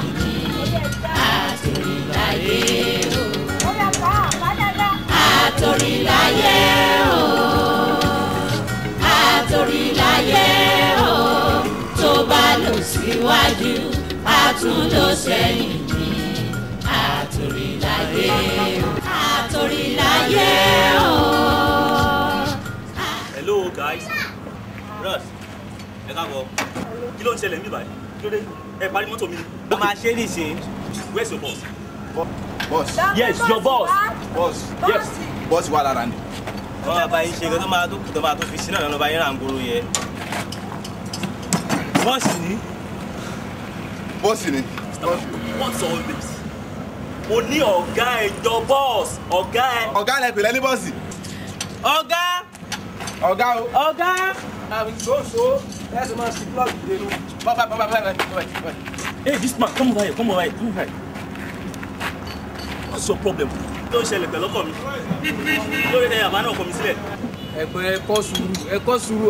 hello guys Russ ẹ káàbọ̀ kí ló ń ṣẹlẹ̀ mí báyìí kí ló dé ẹ parí mọ́tò mi. mo máa ṣe é nìṣe. where's your boss. boss. yes your boss. boss. yes bọ́ọ̀sì wà lára ni. wọ́n bá báyìí ṣe tó máa tó kù tó máa tó fi sí náà lọ́ba yín rà ń gbòòrò yẹ. bọ́ọ̀sì ni. bọ́ọ̀sì ni. what's all this? mo ní ọ̀gá ẹ̀jọ̀ bọ́ọ̀sì ọ̀gá ẹ̀. ọ̀gá ẹ̀ pèlè ní bọ́ọ̀sì. ọ̀gá. ọ̀gá o. ọ̀gá. àmì ṣoṣo ẹ̀sìn máa ṣe plọ́ọ̀gì dèrò. bye bye bye bye bye. hey this man come over here come over here come over here what's your problem? tó ń ṣẹlẹ̀ pẹ̀lú ọkọ mi lórí ẹ àbá náà kọ mi sílẹ̀. ẹ̀kọ́ ẹ̀kọ́ sùúrù ẹ̀kọ́ sùúrù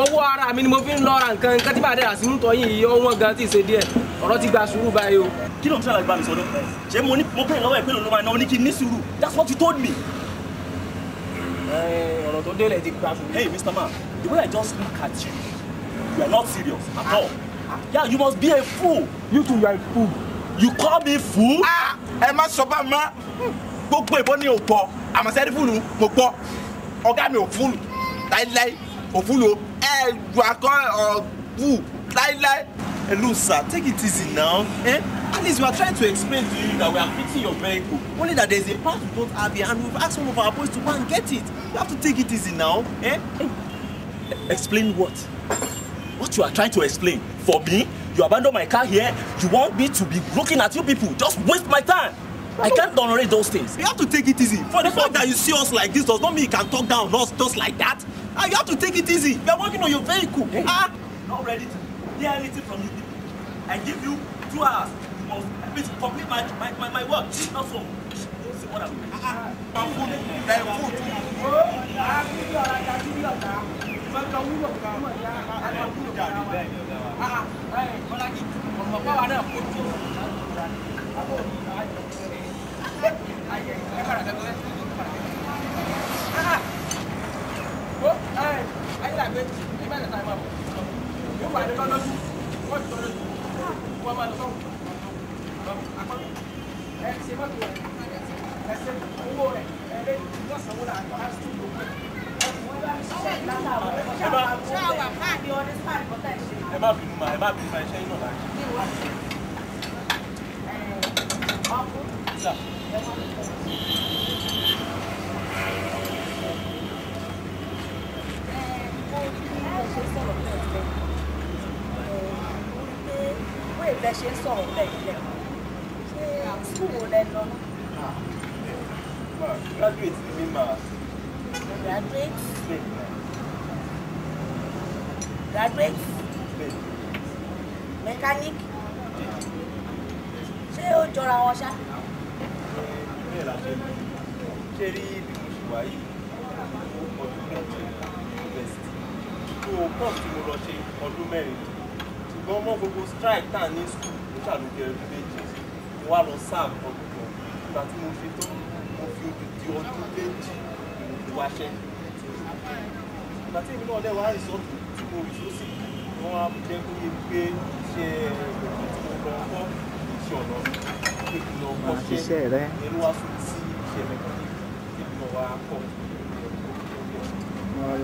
owó ara mi ni mo fi ń lọ ra nǹkan nǹkan tí bàdé àti mútọ yìí ọwọ́n gan ti ṣe díẹ̀ ọ̀rọ̀ ti gba sùúrù báyìí o. kí ló ń sọ̀rọ̀ àgbà mi sọ̀rọ̀ ṣé mo ní mo pè lọ́wọ́ ẹ̀ pé lòun ló oníkì ní sùúrù that's what you told me. ọ̀rọ̀ tó délẹ̀ ti gba sùúrù. hey Mr. Man the way I just look at you you are not serious at all. Yeah, you must be a fool. You too, you are a fool. You call me fool? Ah, ẹ má sọ bá ma gbogbo ìbọn ni ò pọ̀ àmọ́ sẹ́rí fúlù mo pọ̀ ọ̀gá mi ò fúlù láíláí ò fúlù o ẹ wà kọ́ ọ̀gbù láíláí. Elusa, take it easy now. Eh? At least we are trying to explain to you that we are fixing your vehicle. Only that there is a part we don't have and we've asked one of our boys to go and get it. You have to take it easy now. Eh? Explain what? What you are trying to explain? For me? You abandon my car here? You want me to be looking at you people? Just waste my time! I can't tolerate those things. You have to take it easy. For the fact that you see us like this does not mean you can talk down us just like that. And ah, you have to take it easy. You are working on your vehicle. Hey. Ah, not ready to hear anything from you. I give you two hours. You must help me to complete my, my, my, my work. Not so. Ah, ah. ọmọ báwa náà kò tó. Stop bẹ ṣe ni mi máa. graduate. graduate. mechanic. ṣé ó jọra wọn ṣá ṣé rí bí mo ṣe wà yìí mo ọdún mẹ́rin o pọ̀ tí mo lọ ṣe ọdún mẹ́rin ṣùgbọ́n mọ́ gbogbo strike tá à ní school ló ṣàlùjẹ méjì mo wá lọ sáàbù ọdún kan ìgbà tí mo ṣe tán mo fi odidi ọdún méjì ìlú wáṣẹ́ ìgbà tí èmi náà lẹ́wọ̀ àìsọ́tù tí mo rì sósì wọ́n á jẹ́ kó yé pé ṣe ẹ̀rọ tí mo lọ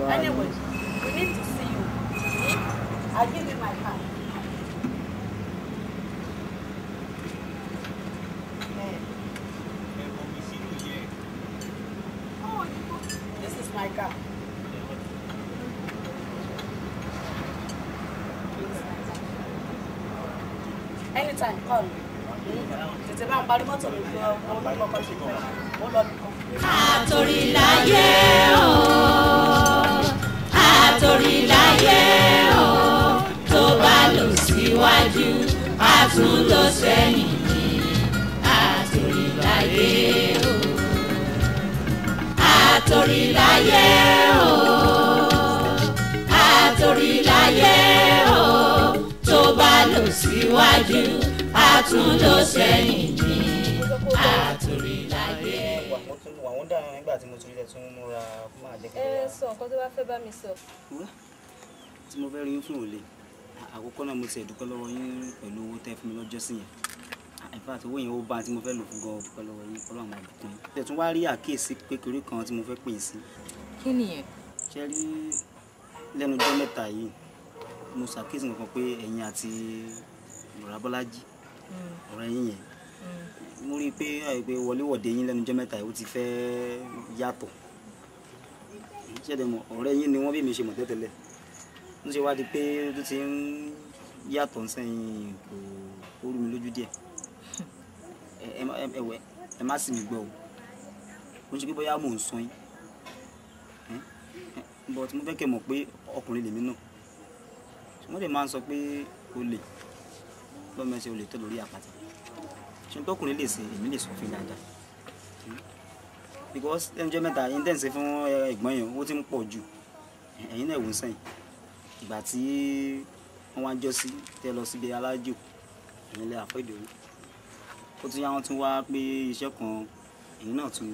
Anyway, we need to see you. I give you my card. This is my car. Anytime, call me. Tètè bá ń parí mọ́tò mi fún ọmọ onímọ̀ àtòrìláyé o àtòrìláyé o tó bá lọ síwájú a tún lọ sẹ́yìn ní àtòrìláyé o àtòrìláyé o àtòrìláyé o tó bá lọ síwájú a tún tún múra fún àjẹkẹ́ ẹ sọ nǹkan tó bá fẹ́ bá mi sọ. tí mo fẹ́ rí yín fún òòlè àkókò náà mo ti ẹ̀dúpẹ́ lọ́wọ́ yín pẹ̀lú owó tẹ́ fún mi lọ́jọ́ sí yẹn in fact owó yẹn ó bá tí mo fẹ́ lò fún gan ọdún pẹ̀lú ọ̀yìn pẹ̀lú àwọn àbùkún yìí. tẹ̀tún wá rí àkíyèsí kékeré kan tí mo fẹ́ pè é sí. kí nìyẹn. ṣe rí lẹ́nu ọjọ́ mẹ́ta yìí mo ṣàkíyèsí nǹkan pé ẹ̀yin àti lọ́ra bọ́lájì hmm. ọ̀rẹ́ yín yẹn hmm. mo rí i pé wọléwọ̀de yín lẹ́nu ọjọ́ mẹ́ta yìí ó ti fẹ́ yàtọ̀ ṣẹ̀dẹ̀ mọ̀ ọ̀rẹ́ yín ni wọ́n bí mi ṣe mọ̀ tẹ́tẹ́lẹ̀ ń ṣe wá di pé tó ti ń yàtọ̀ ń sẹ́yìn kò ó rú mi lójú díẹ̀ ẹ̀wẹ̀ ẹ má sì mí gbọ́ o ó ń ṣe pé bóyá mò ń sọ yín but mo fẹ́ kẹ́ mọ̀ pé ọkùnrin lèmi náà wọ́n lè máa ń sọ pé olè lọ́mọ ẹsẹ̀ olè tó lórí àpáta ṣùgbọ́n ọkùnrin lè ṣe èmi lè sọ fún yín because lẹ́nu jẹ́ mẹ́ta yín tẹ̀sí fún eh, ẹ̀gbọ́n yẹn owó tí ń pọ̀ jù ẹ̀yin náà wò sẹ́yìn ìgbà tí wọ́n wá jọ sí tẹ́ lọ síbi alájò ẹ̀yin lẹ́ àfọ́ ìdòwú ó tún yá wọn tún wá pé iṣẹ́ kan ẹ̀yin náà tún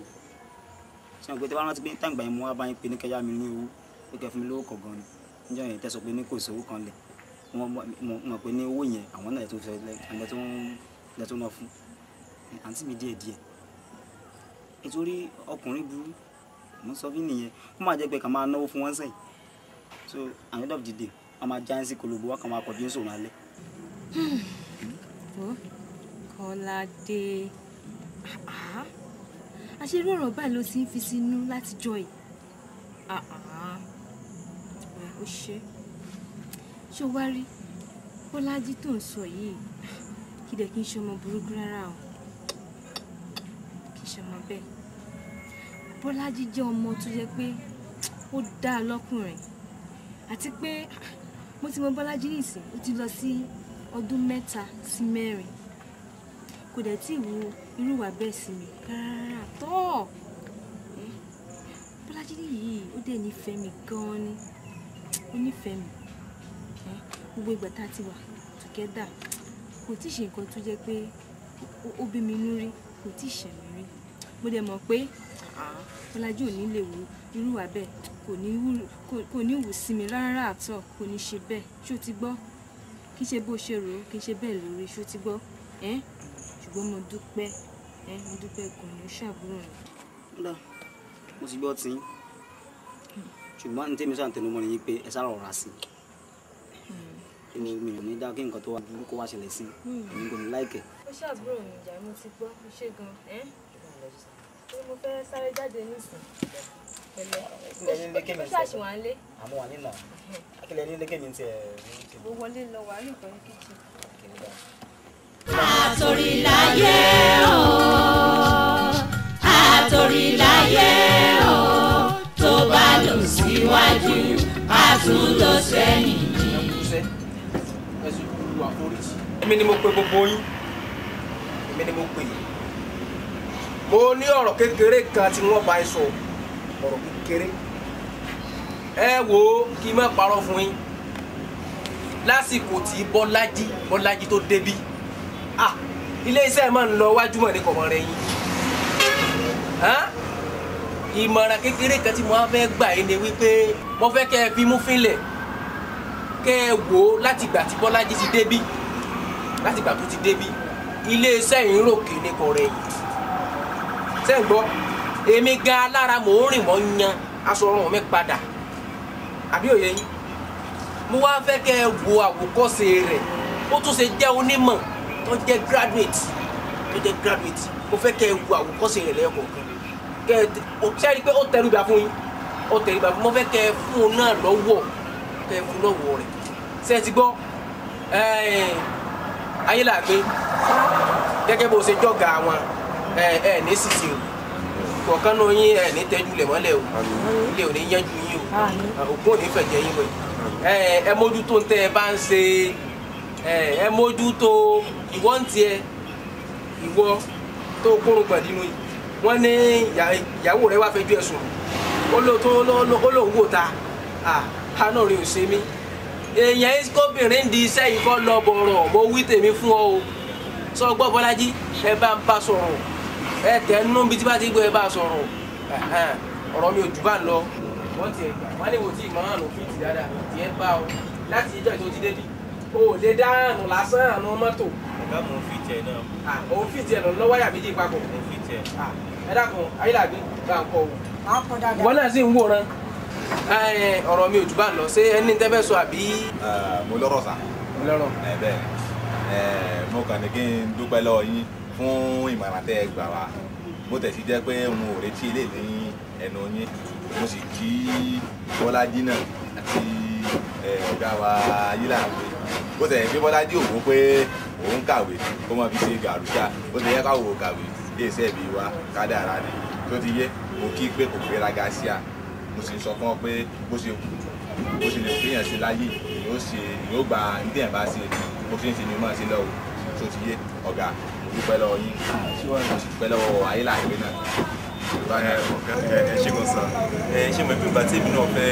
ṣe wọn pé tí wọ́n rántí pé táǹgbà yẹn mú wá báyìí pé ní kẹjá mi ní owó pé kẹfún mi lówó kọ̀ọ̀gan ni níjọ́ yẹn tẹ́sọ pé ní kò sówó kan lẹ̀ wọ́n mọ̀ pé ní owó yẹn àwọn náà tó fẹ́ lẹ́tọ́ náà fún àǹtí mi díẹ̀díẹ̀ nítorí ọkùnrin burú mo sọ fún nìyẹn ó máa jẹ́ pé kàn máa náwó fún wọn sẹ́yìn so at the end of the day wọn máa já sí kolobo wọn kàn máa kọjú sòrò alẹ́. Hmm. Hmm. kọ́ládé àṣírí ah, ah. ọ̀rọ̀ báyìí ló ti ń fi sínú látijọ́ yìí ah, ó ṣe ṣé o wá rí kọ́ládé tó ń sọ yìí kí dẹ̀ kí n ṣe ọmọ burúkú rárá o ṣe mọ bẹ́ẹ̀ Bọ́lájí jẹ́ ọmọ tó yẹ pé ó dáa lọ́kùnrin àti pé mo ti mọ Bọ́lájí nìsín ó ti lọ sí ọdún mẹ́ta sí mẹ́rin kò dẹ̀ tí ì wo irú ìwà bẹ́ẹ̀ sí mi rárá tọ́ Bọ́lájí yìí ó dẹ̀ nífẹ̀ẹ́ mi gan-an ni ó nífẹ̀ẹ́ mi gbogbo ìgbà tá a ti wà together kò tí ì ṣe nǹkan tó jẹ́ pé ó bí mi nú rí kò tí ì ṣẹ̀mí mo dẹ̀ mọ̀ pé ọlájú ò ní lè wù irú wa bẹ́ẹ̀ kò ní wù sí mi rárá àtọ̀ kò ní ṣe bẹ́ẹ̀ ṣó ti gbọ́ kí ṣe bó ṣe rò ó kí ṣe bẹ́ẹ̀ lórí ṣó ti gbọ́ ṣùgbọ́n mo dúpẹ́ mo dúpẹ́ kò ní ṣàbúrò rẹ̀. lọ mo ti gbọ́ tí ṣùgbọ́n ní tèmi sàn tẹnumọ́ nìyí pé ẹ sá rọra sí i èmi mi ò ní dá kí nǹkan tó wà burúkú wá ṣẹlẹ̀ sí i hmm. èmi kò ní láìkẹ́. ó ṣàbúrò ìjà mo ti gbọ́ ṣé gan-an mo fẹ́ sáré jáde nísìn pẹ̀lẹ́ ṣáàṣì wà àtòrìláyé o àtòrìláyé o tó bá lọ síwájú a tún lọ sẹ́yìn ni. ni mo pe gbogbo yín èmi ni mo pe yín mo ní ọ̀rọ̀ kékeré kan tí wọ́n bá ẹ sọ ọ̀rọ̀ kékeré ẹ wo kí n má parọ́ fún yín lásìkò tí bọ́lájí bọ́lájí tó débí ah iléeṣẹ́ máa ń lọ wájú mọ̀ ní kọ̀mọ́ rẹ yín ìmọ̀ràn kékeré kan tí mo fẹ́ gbà yín ni wípé mo fẹ́ kẹ́ ẹ fi mú fínlẹ̀ kẹ́ ẹ wò ó látìgbà tí bọ́lájí ti débí látìgbà tó ti débí iléeṣẹ́ ìròkè ní kọ̀rẹ́ yìí ṣé ń gbọ́ èmi gan alára mò ń rìn mọ́ ń yan aṣọ ọrùn mi padà àbí òye yín mo wá fẹ́ kẹ́ ẹ wo àwòkọ́ṣe rẹ̀ ó tún ṣe jẹ́ onímọ̀ tó jẹ́ graduate tó jẹ́ graduate mo fẹ́ kẹ́ ẹ wo àwòkọ́ṣe rẹ̀ lẹ́ẹ̀kọ̀ọ̀kan kẹ́ ẹ sẹ́ni pé ó tẹríba fún yín ó tẹríba fún mo fẹ́ kẹ́ ẹ fún un náà lọ́wọ́ kẹ́ ẹ fún lọ́wọ́ rẹ̀ ṣe ti gbọ́ ayé làgbé gẹ́gẹ́ bó ṣe jọ̀gà wọn ẹ ẹ ní sisi o kọ̀ọ̀kan náà yín ẹ ní tẹ́jú lẹ̀ mọ́lẹ̀ o ilé ò ní yánjú yín o òkú ò ní fẹ̀jẹ̀ yín wẹ̀ ẹ ẹ mójútó ń tẹ́ ẹ bá ń ṣe ẹ ẹ mójútó ìwọ ń tiẹ ìwọ tó kórun pàdé nù yìí wọ́n ní ìyàwó rẹ̀ wá fẹjú ẹ̀sùn ó lóun wò ta ha náà rí òṣè mi èèyàn kóbìnrin di iṣẹ́ yìí kọ́ lọ bọ̀rọ̀ mo wí tèmi fún ọ o sọ gbọ́ Bọ́lájí ẹ bá ń ẹ tẹ̀ ń nú bí tí bá ti gbé ẹ bá sọ̀rọ̀ ọ̀rọ̀ mi ò jù bá ń lọ. wọ́n ti ẹ̀gbà wọ́n lè wò tí ìmọ̀ àrùn fìtì dáadáa ti ẹ bá ọ láti ìjọ ìtò ti débi o ò lè dá àrùn lásán àrùn mọ́tò. ọ̀gá mò ń fìtì ẹ̀ náà. òun fìtì ẹ̀ lọ́nà wáyà méjì papọ̀. mo fìtì ah ẹ dákun ayélujáde bá ń kọ o. wọn náà sì ń wòran ọ̀rọ̀ mi ò jù bá ń lọ ṣé ẹni tẹ́ fẹ́ sọ àbí. mo lọ́rọ̀ sà. mo lọ́rọ̀. ẹ bẹ́ẹ̀ mo kàn fún ìmọ̀ràn tẹ́ ẹ gbà wá bó tẹ̀ jẹ́ pé mo ò retí eléyìí ní ẹnu yín mo sì kí Bọ́lájí náà àti ọ̀gá wa yílà pé bó tẹ̀ pé Bọ́lájí òun pé òun kàwé kó má fi ṣe gàrúṣà bó tẹ̀ yẹ káwò kàwé lè ṣẹ́ẹ̀bí wa kádàrá ni tó ti yé mo kí pé kò gbéraga sí à mo sì sọ fún ọ pé bó ṣe kú bó ṣe lè péyàn sí láyé yóò ṣe yóò gba ní tẹ̀yìn bá ṣe bó ṣe ń ṣe ni mo máa ṣe lọ́wọ́ tó ti yé ọ̀gá dúpẹ́ lọ́wọ́ yín dúpẹ́ lọ́wọ́ ayélujára náà. ẹ ṣe kò sàn ẹ ṣe mọ̀ pé bàtí èmi náà fẹ́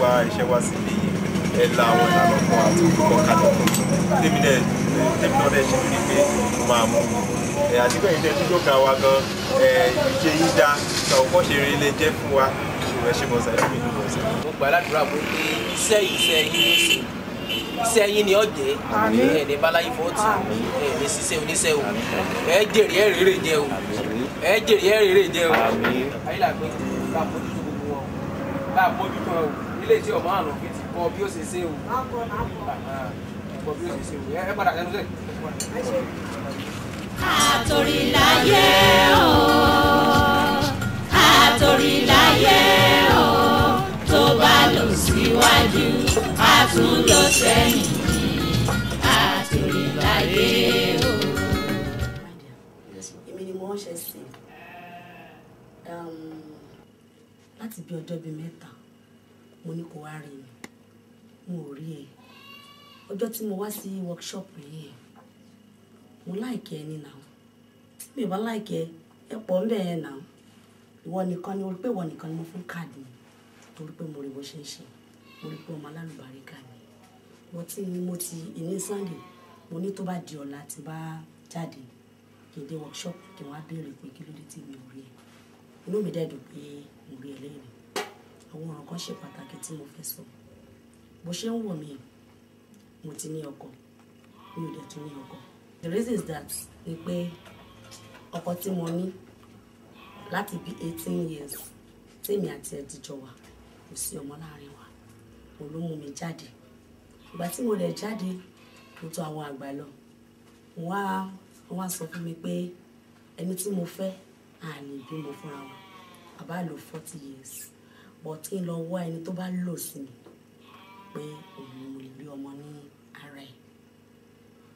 wá iṣẹ́ wá sí ilé yìí ẹ la àwọn ìlànà kan àti olùkọ́ kalẹ̀ tèmi náà tèmi náà dẹ̀ ṣe lórí pé mo máa mú ẹ àti bẹ́ẹ̀ ní ẹjọ́ ga wa gan ẹ ìṣe yín dá ọ̀pọ̀ ṣe eré ilé jẹ́ fún wa ṣùgbọ́n ẹ ṣe kò sàn ẹ ṣe mi dúpẹ́ sàn. mo gbà ládùúrà pé iṣẹ́ ìṣẹ́ yín ló ṣe iṣẹ́ yín ni ọ̀jẹ́ ẹ̀ báláyé fọ́ọ̀tì ẹ̀ ṣiṣẹ́ oníṣẹ́ o ẹ̀ jèrè ẹ̀ rèrè jẹ o ẹ̀ jèrè ẹ̀ rèrè jẹ o. ayílà pé bá a mójútó gbogbo wọn bá a mójútó wọn o ilé tí ọmọ àrùn fi ti kọ bí ó ṣe ṣe o kọ bí ó ṣe ṣe o ẹ padà lẹnu sẹ. àtòrí láyé o àtòrí láyé o lọ síwájú a tún lọ sẹ́yìn àtòrí láyé o. èmi ni mo ń ṣe sí láti bí ọjọ́ bíi mẹ́ta mo ní kó wá rí mi mo ò rí ẹ ọjọ́ tí mo wá sí workshop yìí mo láìkẹ́ ẹ ní nàá tí mi ò bá láìkẹ́ ẹ pọ̀ ń bẹ̀ ẹ nàá ìwọ nìkan ni o rí pé ìwọ nìkan ni mo fún káàdì mi torí pé mo rí bó ṣe ń ṣe mo rí pé ọmọ alálùbáríkà ni wọ́n tí mo ti ìní sunday mo ní tó bá di ọ̀la tí bá jáde kí n dé workshop kí wọ́n á béèrè pé kí ló dé tí mi ò rí ẹ inú mi dẹ́dùn pé mo rí ẹ lẹ́yìn àwọn ọ̀ràn kan ṣe pàtàkì tí mo fẹ́ sọ bó ṣe ń wọ̀ mí mo ti ní ọkọ mi ò dẹ̀ tún ní ọkọ the reason is that ni pé ọkọ tí mo ní láti bí eighteen years tèmi àti ẹ ti jọ wà kò sí ọmọ láàrin wa mo ló mú mi jáde ìgbà tí mo lè jáde mo tọ̀ àwọn àgbà lọ wọ́n wá wọ́n wá sọ fún mi pé ẹni tí mo fẹ́ àní ìbímọ fúnra wa bàbá lò forty years but kí n lọ wá ẹni tó bá lò sí mi pé òun mo lè rí ọmọ ní ara ẹ̀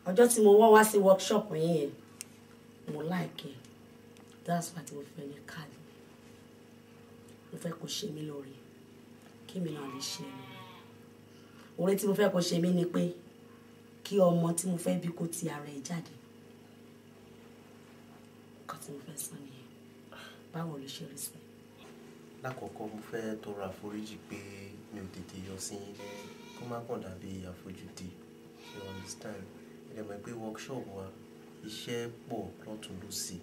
ọjọ́ tí mo wọ́n wá sí workshop yẹn yẹn mo láìkẹ́ that's why mo fẹ́ ní káàdì mo fẹ́ kó ṣe mí lóore kí mi náà lè ṣe ẹnu oore tí mo fẹ́ kó ṣe mí ni pé kí ọmọ tí mo fẹ́ bí kó ti ara ẹ̀ jáde nǹkan tí mo fẹ́ sọ nìyẹn báwo ló ṣe rí sí. lákọ̀ọ́kọ́ mo fẹ́ tọrọ àforíjì pé mi ò tètè yọ sí kó má pọ̀ dàbí àfojúdi you understand ẹ̀rẹ̀mọ̀ pé workshop wa iṣẹ́ pọ̀ lọ́tún lọ́sì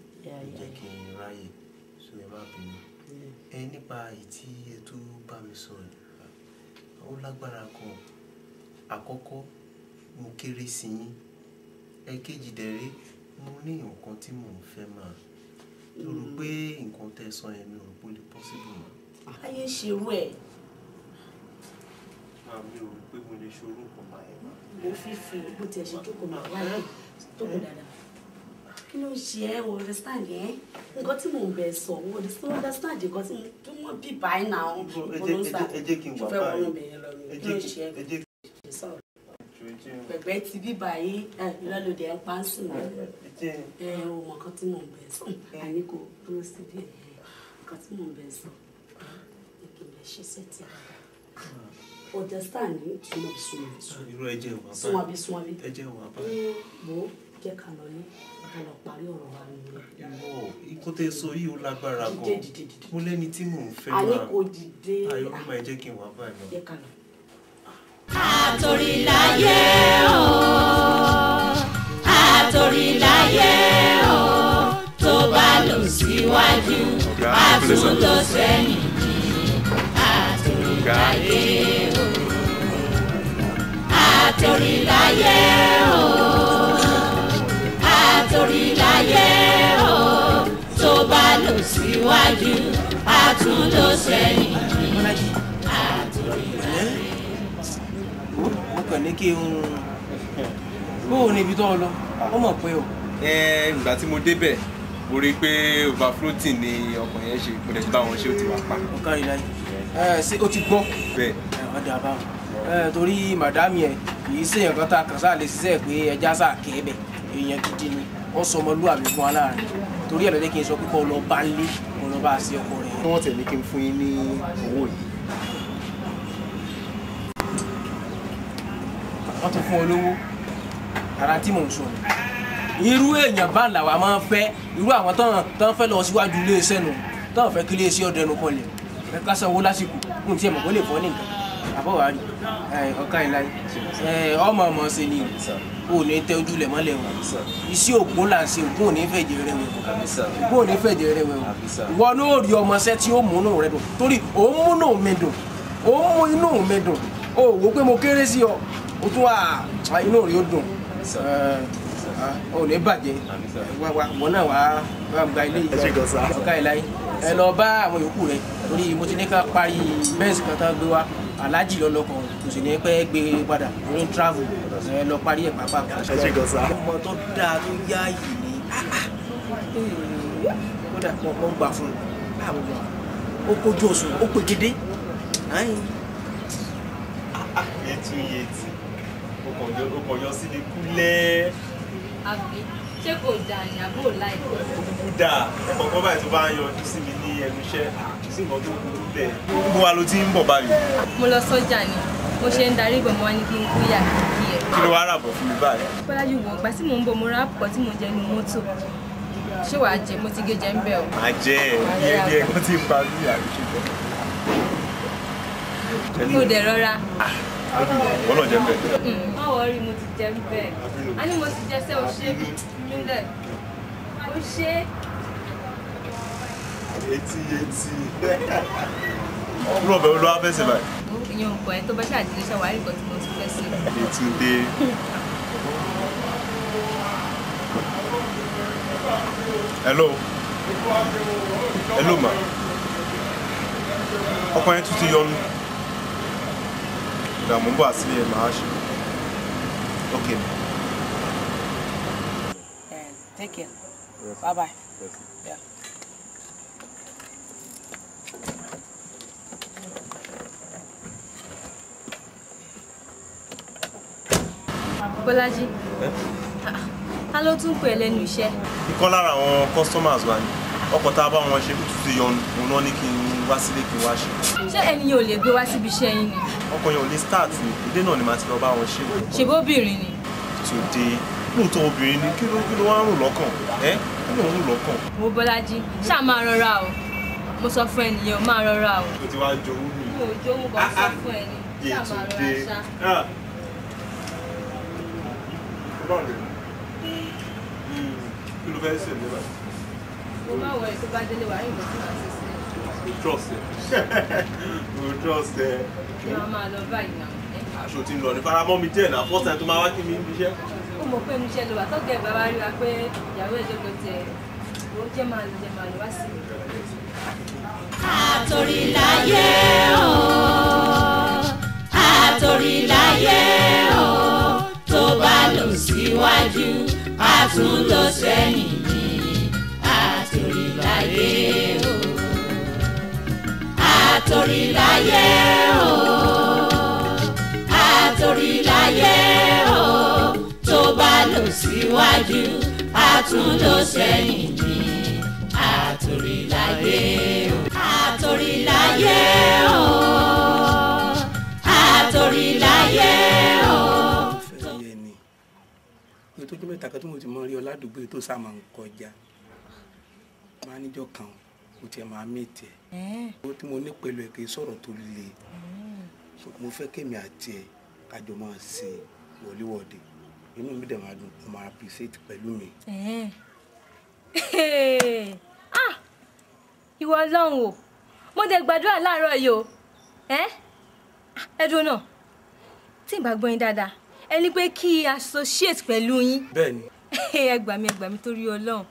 jẹ́ kí n ráyè so ẹ má bínú ẹ nípa ètí ètò bá mi sọ ó lágbára kan àkọ́kọ́ mo kéré sí yín ẹ̀kejì dẹ̀rẹ́ mo ní nǹkan tí mò ń fẹ́ máa mo rò pé nǹkan tẹ́ sọ yẹn mi ò rò pé ó lè pọ́sibù mọ́. ayé ṣerú ẹ̀. máa mi ò rò pé mo lè ṣorú nǹkan báyẹn. mo fi fi bó tiẹ̀ ṣe jókòó máa wáyé tó kù dáadáa kí ló ń ṣe ẹ́ o understand ẹ́ nǹkan tí mò ń bẹ̀ sọ o understand nǹkan tí mo mọ̀ bí báyìí náà ń bọ̀ lọ́sà tó fẹ́ wọnú bẹ̀yẹn lọ ni kí ló ń ṣe ẹ́ pẹ̀pẹ́ ti bí báyìí ìlọ́lódé ń pa ń sùn ẹ o mọ̀ nǹkan tí mò ń bẹ̀ sọ àní kò dúró síbi ẹ̀ nǹkan tí mò ń bẹ̀ sọ ẹ kì í bẹ̀ ṣe sẹ́tì ara ah. understand sunwabi sunwabi sunwabi sunwabi sunwabi ẹ jẹ́ wà báyìí wo lọ ní ká lọ parí ọ̀rọ̀ wa nìyẹn. ikú tẹ sọ yìí ó lágbára gan mo lẹ́ni tí mò ń fẹ́ wa àní kò máa jẹ́ kí n wá báyìí lọ. àtòrìláyé o àtòrìláyé o tó bá lọ síwájú àtúntò sẹ́yìn ni àtòrìláyé o àtòrìláyé o. ò síwájú àtúndò sẹ́yìn mo kàn ní kí n bóò ní tó ń lọ ó mọ̀ pé o. ìgbà tí mo débẹ̀ mo rí i pé overfloating ni ọkọ̀ yẹn ṣe mo lè bá wọn ṣe ó ti wá pa. ó kárí láyé ṣé ó ti gbọ́. bẹ́ẹ̀ ọ̀dà àbáwọ̀ torí màdámì ẹ̀ kì í ṣèyàn kan tá kàn sáà lè ṣiṣẹ́ pé ẹja sáà kẹ́ bẹ̀ èèyàn gidi ni wọ́n sọ ọmọlúwàbí fún wa torí ẹ̀ ló jẹ́ kí n sọ pé kó lọ bá ń lé kó lọ bá a sí ọkọ rẹ̀. kí wọ́n tẹ̀lé kí n fún yín ní owó yìí. wọ́n ti fún olówó ara tí mò ń sọ irú èèyàn bá làwa máa ń fẹ́ irú àwọn tó ń fẹ́ lọ síwájú iléeṣẹ́ nù tó fẹ́ kí iléeṣẹ́ ọ̀dọ̀ ẹnu kọlẹ̀ ẹ ká sanwó lásìkò kí n mọ̀ kó lè fọ́ nìkan àbọ̀wárí ọ̀ka ìlàyé ọmọ ọmọ ṣe ni o ní tẹ ojúlẹ̀ mọ́lẹ̀ wọn iṣẹ́ ògùn là ń ṣe ògùn ò ní fẹ̀jẹ̀ rẹ wẹ̀ ògùn ò ní fẹ̀jẹ̀ rẹ wẹ̀ wọn ní ó rí ọmọṣẹ́ tí ó múnú rẹ dùn torí òun múnú mi dùn òun mú inú mi dùn o wò pé mo kéré sí ọ o tún wà inú rẹ ó dùn ò ní bàjẹ́ wọn náà wàá bá ń gba ilé yìí ọ̀gá ìláyé ẹ lọ bá àwọn yòókù rẹ torí mo ti ní ká parí bẹ́ẹ̀sì kan tán gbé wa aláàjì lọ lọkọ kò sì ní pẹ́ gbé padà lórí travel ẹ lọ parí ẹ̀ pápá kan. ọmọ tó dáa tó yá yìí ni kódà mo gbà fún un báwo gbà ó kojú òṣùwọ̀n ó pegedé yẹtí yẹtí ó kọjọ sí ní kúlẹ̀ ṣé kò dà ìyàbò láì. kúkú dà ẹ̀kọ́kọ́ báyìí tó bá ń yọjú sí mi ní ẹnu iṣẹ́ kì í sí nǹkan tó burú bẹ́ẹ̀. gbogbo wa ló ti ń bọ̀ báyìí. mo lọ sọ́jà ni mo ṣe ń darí ìbọn mọ́ ní kí n kú yà kí ẹ. kí ló wá rà bọ̀ fún mi báyìí. bọ́lájú wọ̀ gbà tí mò ń bọ̀ mo ra àpò tí mo jẹ ní mọ́tò ṣé wàá jẹ mo ti gé jẹ ń bẹ o. a jẹ iye bí bẹ́ẹ̀. Ah, hmm, má rí mo ti jẹ́ bẹ́ẹ̀. a ní mo ti jẹ́ sẹ́ o ṣé gúnlẹ̀ ó ṣe é. etí etí rọ̀bẹ̀ olú wa fẹ́sẹ̀ báyìí. mo fi yan nǹkan ẹ tó bá ṣàdílé ṣàwárí nǹkan tí mo ti fẹ́ ṣe. etí dé. hello hello ma ọkọ yẹn tún ti yọnu ìdààmú bọ̀ àsìlẹ̀ máa ṣe ok. Take care. Yes. Bye bye. Yes. Yeah. Bọ́lájí. Ta ló tún pè lẹ́nu iṣẹ́? Ìkan lára àwọn customers wa ni. Ọkọ̀ tá a bá wọn ṣe kó tútù yọnu, òun náà ní kí n wá sílé kí n wá ṣe. Ṣé ènìyàn ò lè gbé wá ni? Ọkọ̀ yẹn ò lè start ni, ìdé náà ni màá ti lọ bá wọn ṣe. Ṣèbóbìnrin ni. Today lóòótọ́ obìnrin ni kí ló kí ló wá ń rùn lọ́kàn ẹ́ kí ló ń rùn lọ́kàn. mo bọ́lájí ṣáà máa rọra o mo sọ fún ẹnìyẹn máa rọra o. o ti wá jowú mi. mo jowú kan sọ fún ẹni ṣáà máa rọra ṣá. kí ló fẹ́ ṣe ní báyìí. mo máa wọ ètò bá délé wàá yìnbọn fún àṣẹ sí i. trust ẹ mo trust ẹ. kí wọ́n máa lọ báyìí náà. aṣọ tí ń lọ ní faramọ́ mi díẹ̀ náà first tó máa wá kí mi ń bíṣẹ́ kò mọ̀ pé mi ṣe lò wá tọ́gẹ̀ bàbá rí wa pé ìyàwó ẹ̀jẹ̀ kò tẹ̀ ó jẹ́ máa lò jẹ́ máa lò wá sí i. àtòrìláyé o àtòrìláyé o tó bá lọ síwájú a tún lọ sẹ́yìn ní àtòrìláyé o àtòrìláyé o àtòrìláyé o ò síwájú àtúndò sẹ́yìn ni àtòríláyé o àtòríláyé o àtòríláyé o. ẹyẹ ni ètò ojú mẹ́ta kan tí mo rí ọ ládùúgbò tó sá máa ń kọjá máa níjọ kan kò tiẹ̀ máa mí tiẹ̀ tí mo ní pẹ̀lú ẹ̀ kì í sọ̀rọ̀ tó le mo fẹ́ kémi àti ẹ̀ kájọ máa ṣe wọléwọ̀de inú mi dẹ̀ máa dùn kó máa appreciate pẹ̀lú mi. Ah! ìwọ ọlọ́run o mo dẹ̀ gbàdúrà láàárọ̀ yìí o ẹdùn náà tí n bá gbọ́ yín dáadáa ẹni pé kí i associate pẹ̀lú yín. bẹ́ẹ̀ni. ẹ gbà mí ẹ gbà mí torí ọlọ́run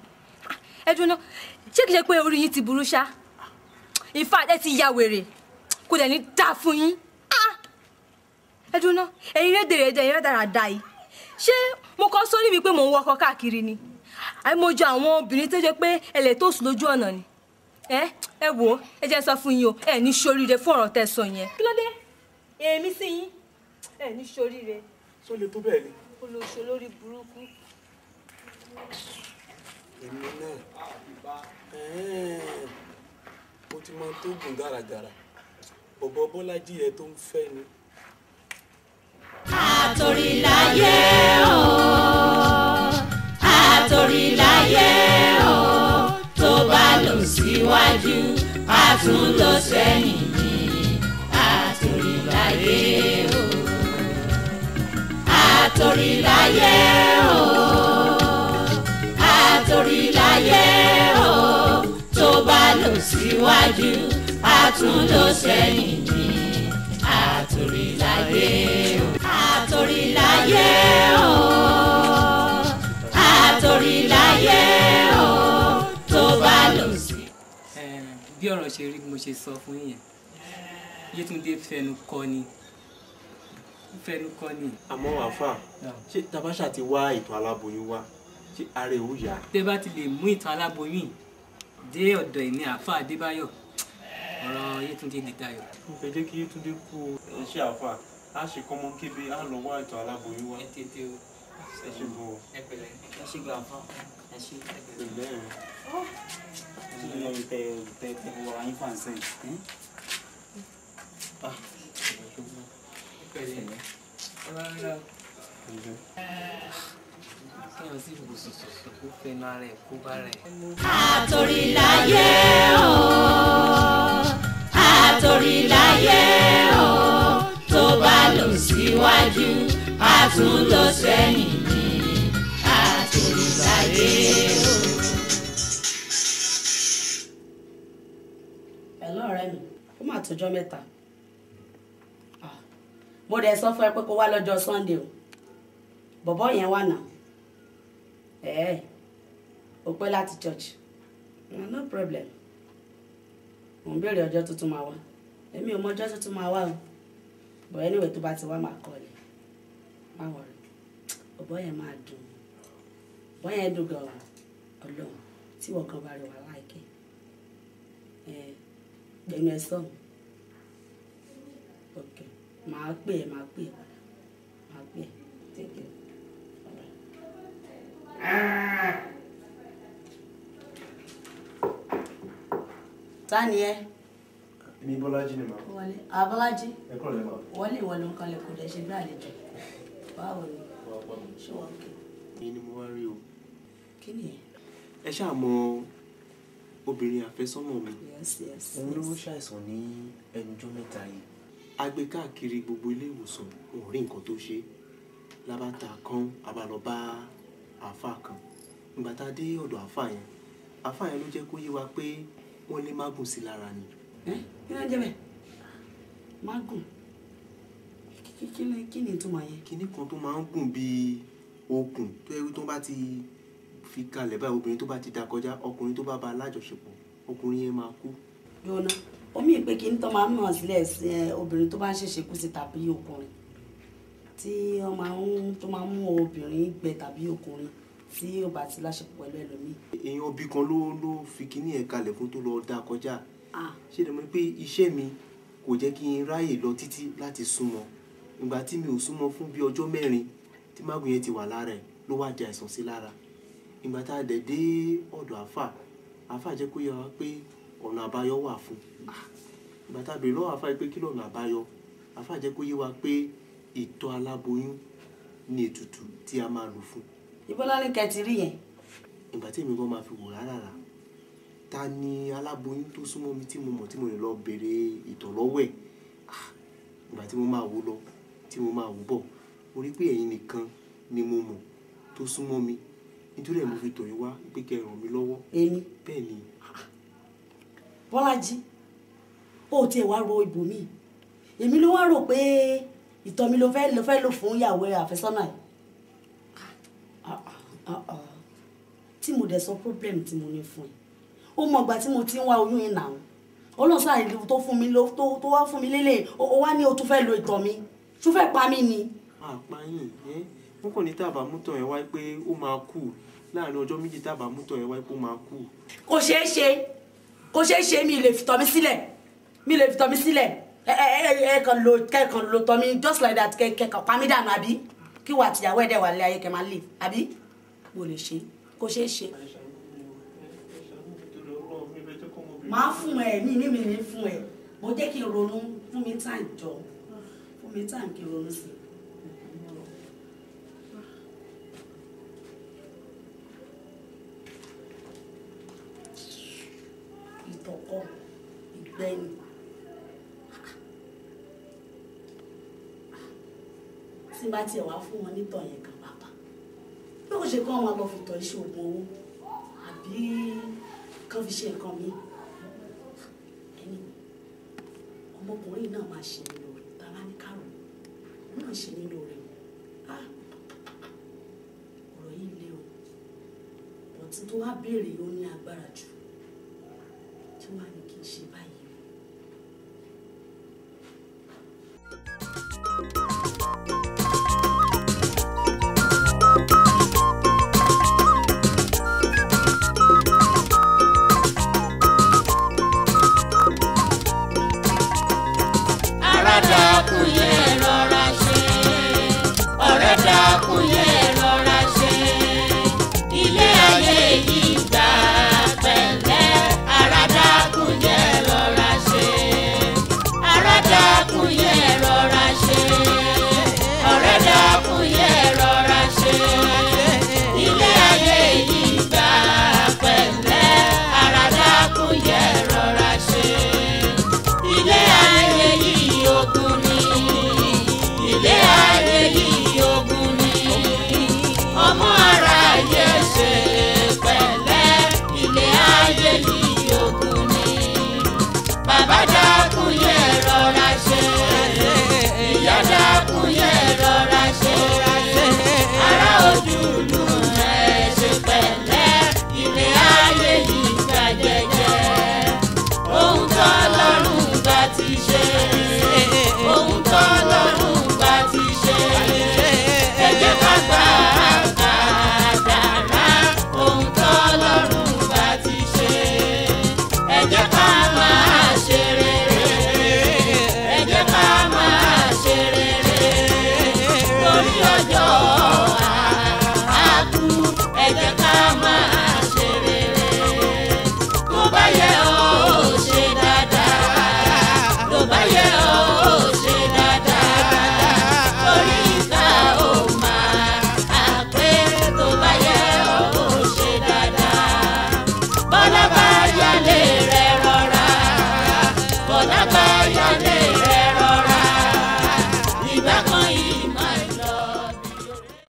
ah! ẹdùn náà ṣé kìí ṣe pé orí yín ti burú ṣá in fact ẹ ti ya wèrè kò dẹ̀ ní dáa fún yín ah! ẹdùn náà ẹ̀yin rédèrèdè ẹ̀yin rádaràda yìí ṣé mo kọ́ sórí mi pé mò ń wọkọ̀ káàkiri ni mo jọ àwọn obìnrin tó jẹ́ pé ẹlẹ̀ tó sùn lójú ọ̀nà ni ẹ ẹ wò ó ẹ jẹ́ sọ fún yín o ẹ ní ṣoríire fún ọ̀rọ̀ tẹ́ sọ yẹn. kí ló dé èmi sí yín ẹ ní ṣoríire. ṣó lè tó bẹ́ẹ̀ ni. olóṣèlú lórí burúkú èmi náà mo ti máa tó gùn gàràgàrà bọ̀bọ̀ bọ́lájí yẹn tó ń fẹ́ ni àtòrìláyé o àtòrìláyé o tó bá lọ síwájú a tún lọ sẹ́yìn ní àtòrìláyé o àtòrìláyé o àtòrìláyé o tó bá lọ síwájú a tún lọ sẹ́yìn ní àtòrìláyé o láyé o àtòrí láyé o tó bá lò sí. bí ọ̀rọ̀ ṣe rí mo ṣe sọ fún yẹn yétúndé fẹnu kọ ni fẹnu kọ ni. àmọ́ àáfà ṣé tabasha ti wá ìtàn aláboyún wá ṣé ara ò yá. tẹ bá ti lè mú ìtàn aláboyún dé ọ̀dọ̀ ìní àáfà Adébáyọ̀ ọ̀rọ̀ yétúndé di tayọ. mo fẹ́ jẹ́ kí yétúndé kú iṣẹ́ àáfà a ṣe kọ́mọ kébé a lọ wá ètò aláboyún wá. ẹ o ẹ ṣe bọ ọ hm? ah. ẹ̀. Àtòrí láyé o, àtòrí láyé o síwájú a tún lọ sẹ́yìn ní àtòlùbáyé o. pẹ̀lú ọ̀rẹ́ mi ó mà tọjọ́ mẹ́ta mo dẹ̀ sọ fún ẹ pé kó wá lọ́jọ́ Sunday o bọ̀bọ́ yẹn wà náà ẹ̀ẹ́ o pẹ́ láti church no problem mo ń béèrè ọjọ́ tuntun máa wá èmi ò mọ ọjọ́ tuntun máa wá o but anyway tó bá ti wá máa kọ́ ni má wọ̀rọ̀ ọ̀bọ yẹn máa dùn ọ̀bọ yẹn dùn gan ọlọ́run tí wọ́n gan bá rẹ̀ wá láìké gbẹ̀nu ẹ sọ̀rọ̀ ok màá pè é màá pè é padà màá pè é thank you. ta ni èmi bọ́lájí ni mà. wọlé abọ́lájí. ẹ kúrò lẹ́mọ̀. wọlé ìwọ ló ń kalẹ̀ kó dẹ̀ ṣe bí àlejò báwo ni ṣé wọn kì í. ni mo wá rí o. kí ni ẹ. ẹ ṣáà mọ obìnrin àfẹ́sọ́nà mi. òun ló ṣàìsàn ní ẹnujọ́ mẹ́ta yìí. a gbé káàkiri gbogbo ilé ìwòsàn kò rí nǹkan tó ṣe labata kan abalọba àáfà kan ìgbà tá a dé ọ̀dọ̀ àáfà yẹn àáfà yẹn ló jẹ́ kó yé wa pé wọ́n lè mágùn sí lára ni ẹ eh? kí ló ń jẹ bẹ́ẹ̀ mágùn kí ni ìtumọ̀ yẹn. kinní kan tó máa ń gùn bíi okùn tó yẹ tó bá ti fi kalẹ̀ báyìí obìnrin tó bá ti dà kọjá ọkùnrin tó bá ba alájọṣepọ̀ ọkùnrin yẹn máa kú. yọ̀nà omi ìpè kí n tọ́ máa ń mọ̀ sílẹ̀ obìnrin tó bá ń ṣẹ̀ṣẹ̀ kú sí tàbí ọkùnrin tí wọ́n máa ń tó máa ń mú obìnrin gbẹ tàbí ọkùnrin tí ó bá ti láṣepọ̀ pẹ̀lú ẹlòmíì. èèyàn obì kan ló ló fi kinní yẹn kalẹ̀ fún tó lọ dà kọjá Ah. ṣé lè mọ̀ pé iṣẹ́ mi kò jẹ́ kí n ráyè lọ títí láti súnmọ́ ìgbà tí mi ò súnmọ́ fún bí ọjọ́ mẹ́rin tí mágùn yẹn ti wà lára ẹ̀ ló wá di àìsàn sí lára ìgbà tá a dẹ̀ dé ọ̀dọ̀ àfà àfà jẹ́ kó yẹ wa pé ọ̀nà àbáyọ wà fún ah. ìgbà tá a bèrè lọ́wọ́ àfà pé kí lọ́nà àbáyọ àfà jẹ́ kó yé wa pé ìtọ̀ aláboyún ni ètùtù tí a máa lò fún. ìbọ́lá ní kẹ́ ti rí yẹn. ìgbà tí èmi gan máa fi wò rárá rárá ta ni aláboyún tó súnmọ́ mi tí mo mọ̀ tí mo lè lọ bèrè ìtọ̀lọ́wọ́ ẹ̀ ìgbà tí mo máa wò lọ tí mo máa wò bọ̀ mo rí pé ẹ̀yin nìkan ni mo mọ̀ tó súnmọ́ mi nítorí ẹ̀ mo fi tọ̀ yín wá pé kẹ́ ràn mí lọ́wọ́. èmi bẹ́ẹ̀ ni. bọ́lájí ó tiẹ̀ wá ro ibòmí èmi ló wá rò pé ìtọ̀ mi ló fẹ́ ló fẹ́ lò fún ìyàwó àfẹ́sọ́nà ẹ̀ ah, ah, ah, tí mo dẹ̀ sọ problem tí mo ní fún ẹ ó mọ ìgbà tí mo ti ń wá oyún yìí nà ọlọ́sà ìlú tó fún mi tó wá fún mi lélẹ̀ ó wá ní o tún fẹ́ lo ìtọ̀ mi tún fẹ́ pa mí ni. àpáyìn ẹ wọn kàn ní tàbá mútọ wáyé pé ó máa kú láàrin ọjọ́ méjì tàbá mútọ wáyé pé ó máa kú. kò ṣeé ṣe kò ṣeé ṣe mi lè fi tọ̀ mi sílẹ̀ mi lè fi tọ̀ mi sílẹ̀ ẹ ẹ ẹ kàn lo kẹkàn lo tọ̀ mi just like that kẹkàn pa mí dànù àbí kí wàá tìyàwó ẹ̀dẹ̀ wà lé ayé kẹ máa lè àbí mo lè ṣe kò ṣeé ṣe. máa fún ẹ ní ní mi fún ẹ mo jẹ́ kí n ronú fún mi time jọ fún mi time kí n ronú sí ìtọ̀kọ ìgbẹ́ni. tí bá tiẹ̀ wá fún wọn nítọ̀ yẹn kan bàbá bí kò ṣe kọ́ wọn lọ fi iṣẹ́ oògùn owó àbí kàn fi ṣe nǹkan mìíràn. ọmọkùnrin náà máa ṣe ní lóore bàbá ní kárò náà ṣe ní lóore o ọ̀rọ̀ yìí le o ọ̀tí tó wá béèrè ó ní agbára jù tí wàá ní kí n ṣe báyìí thank you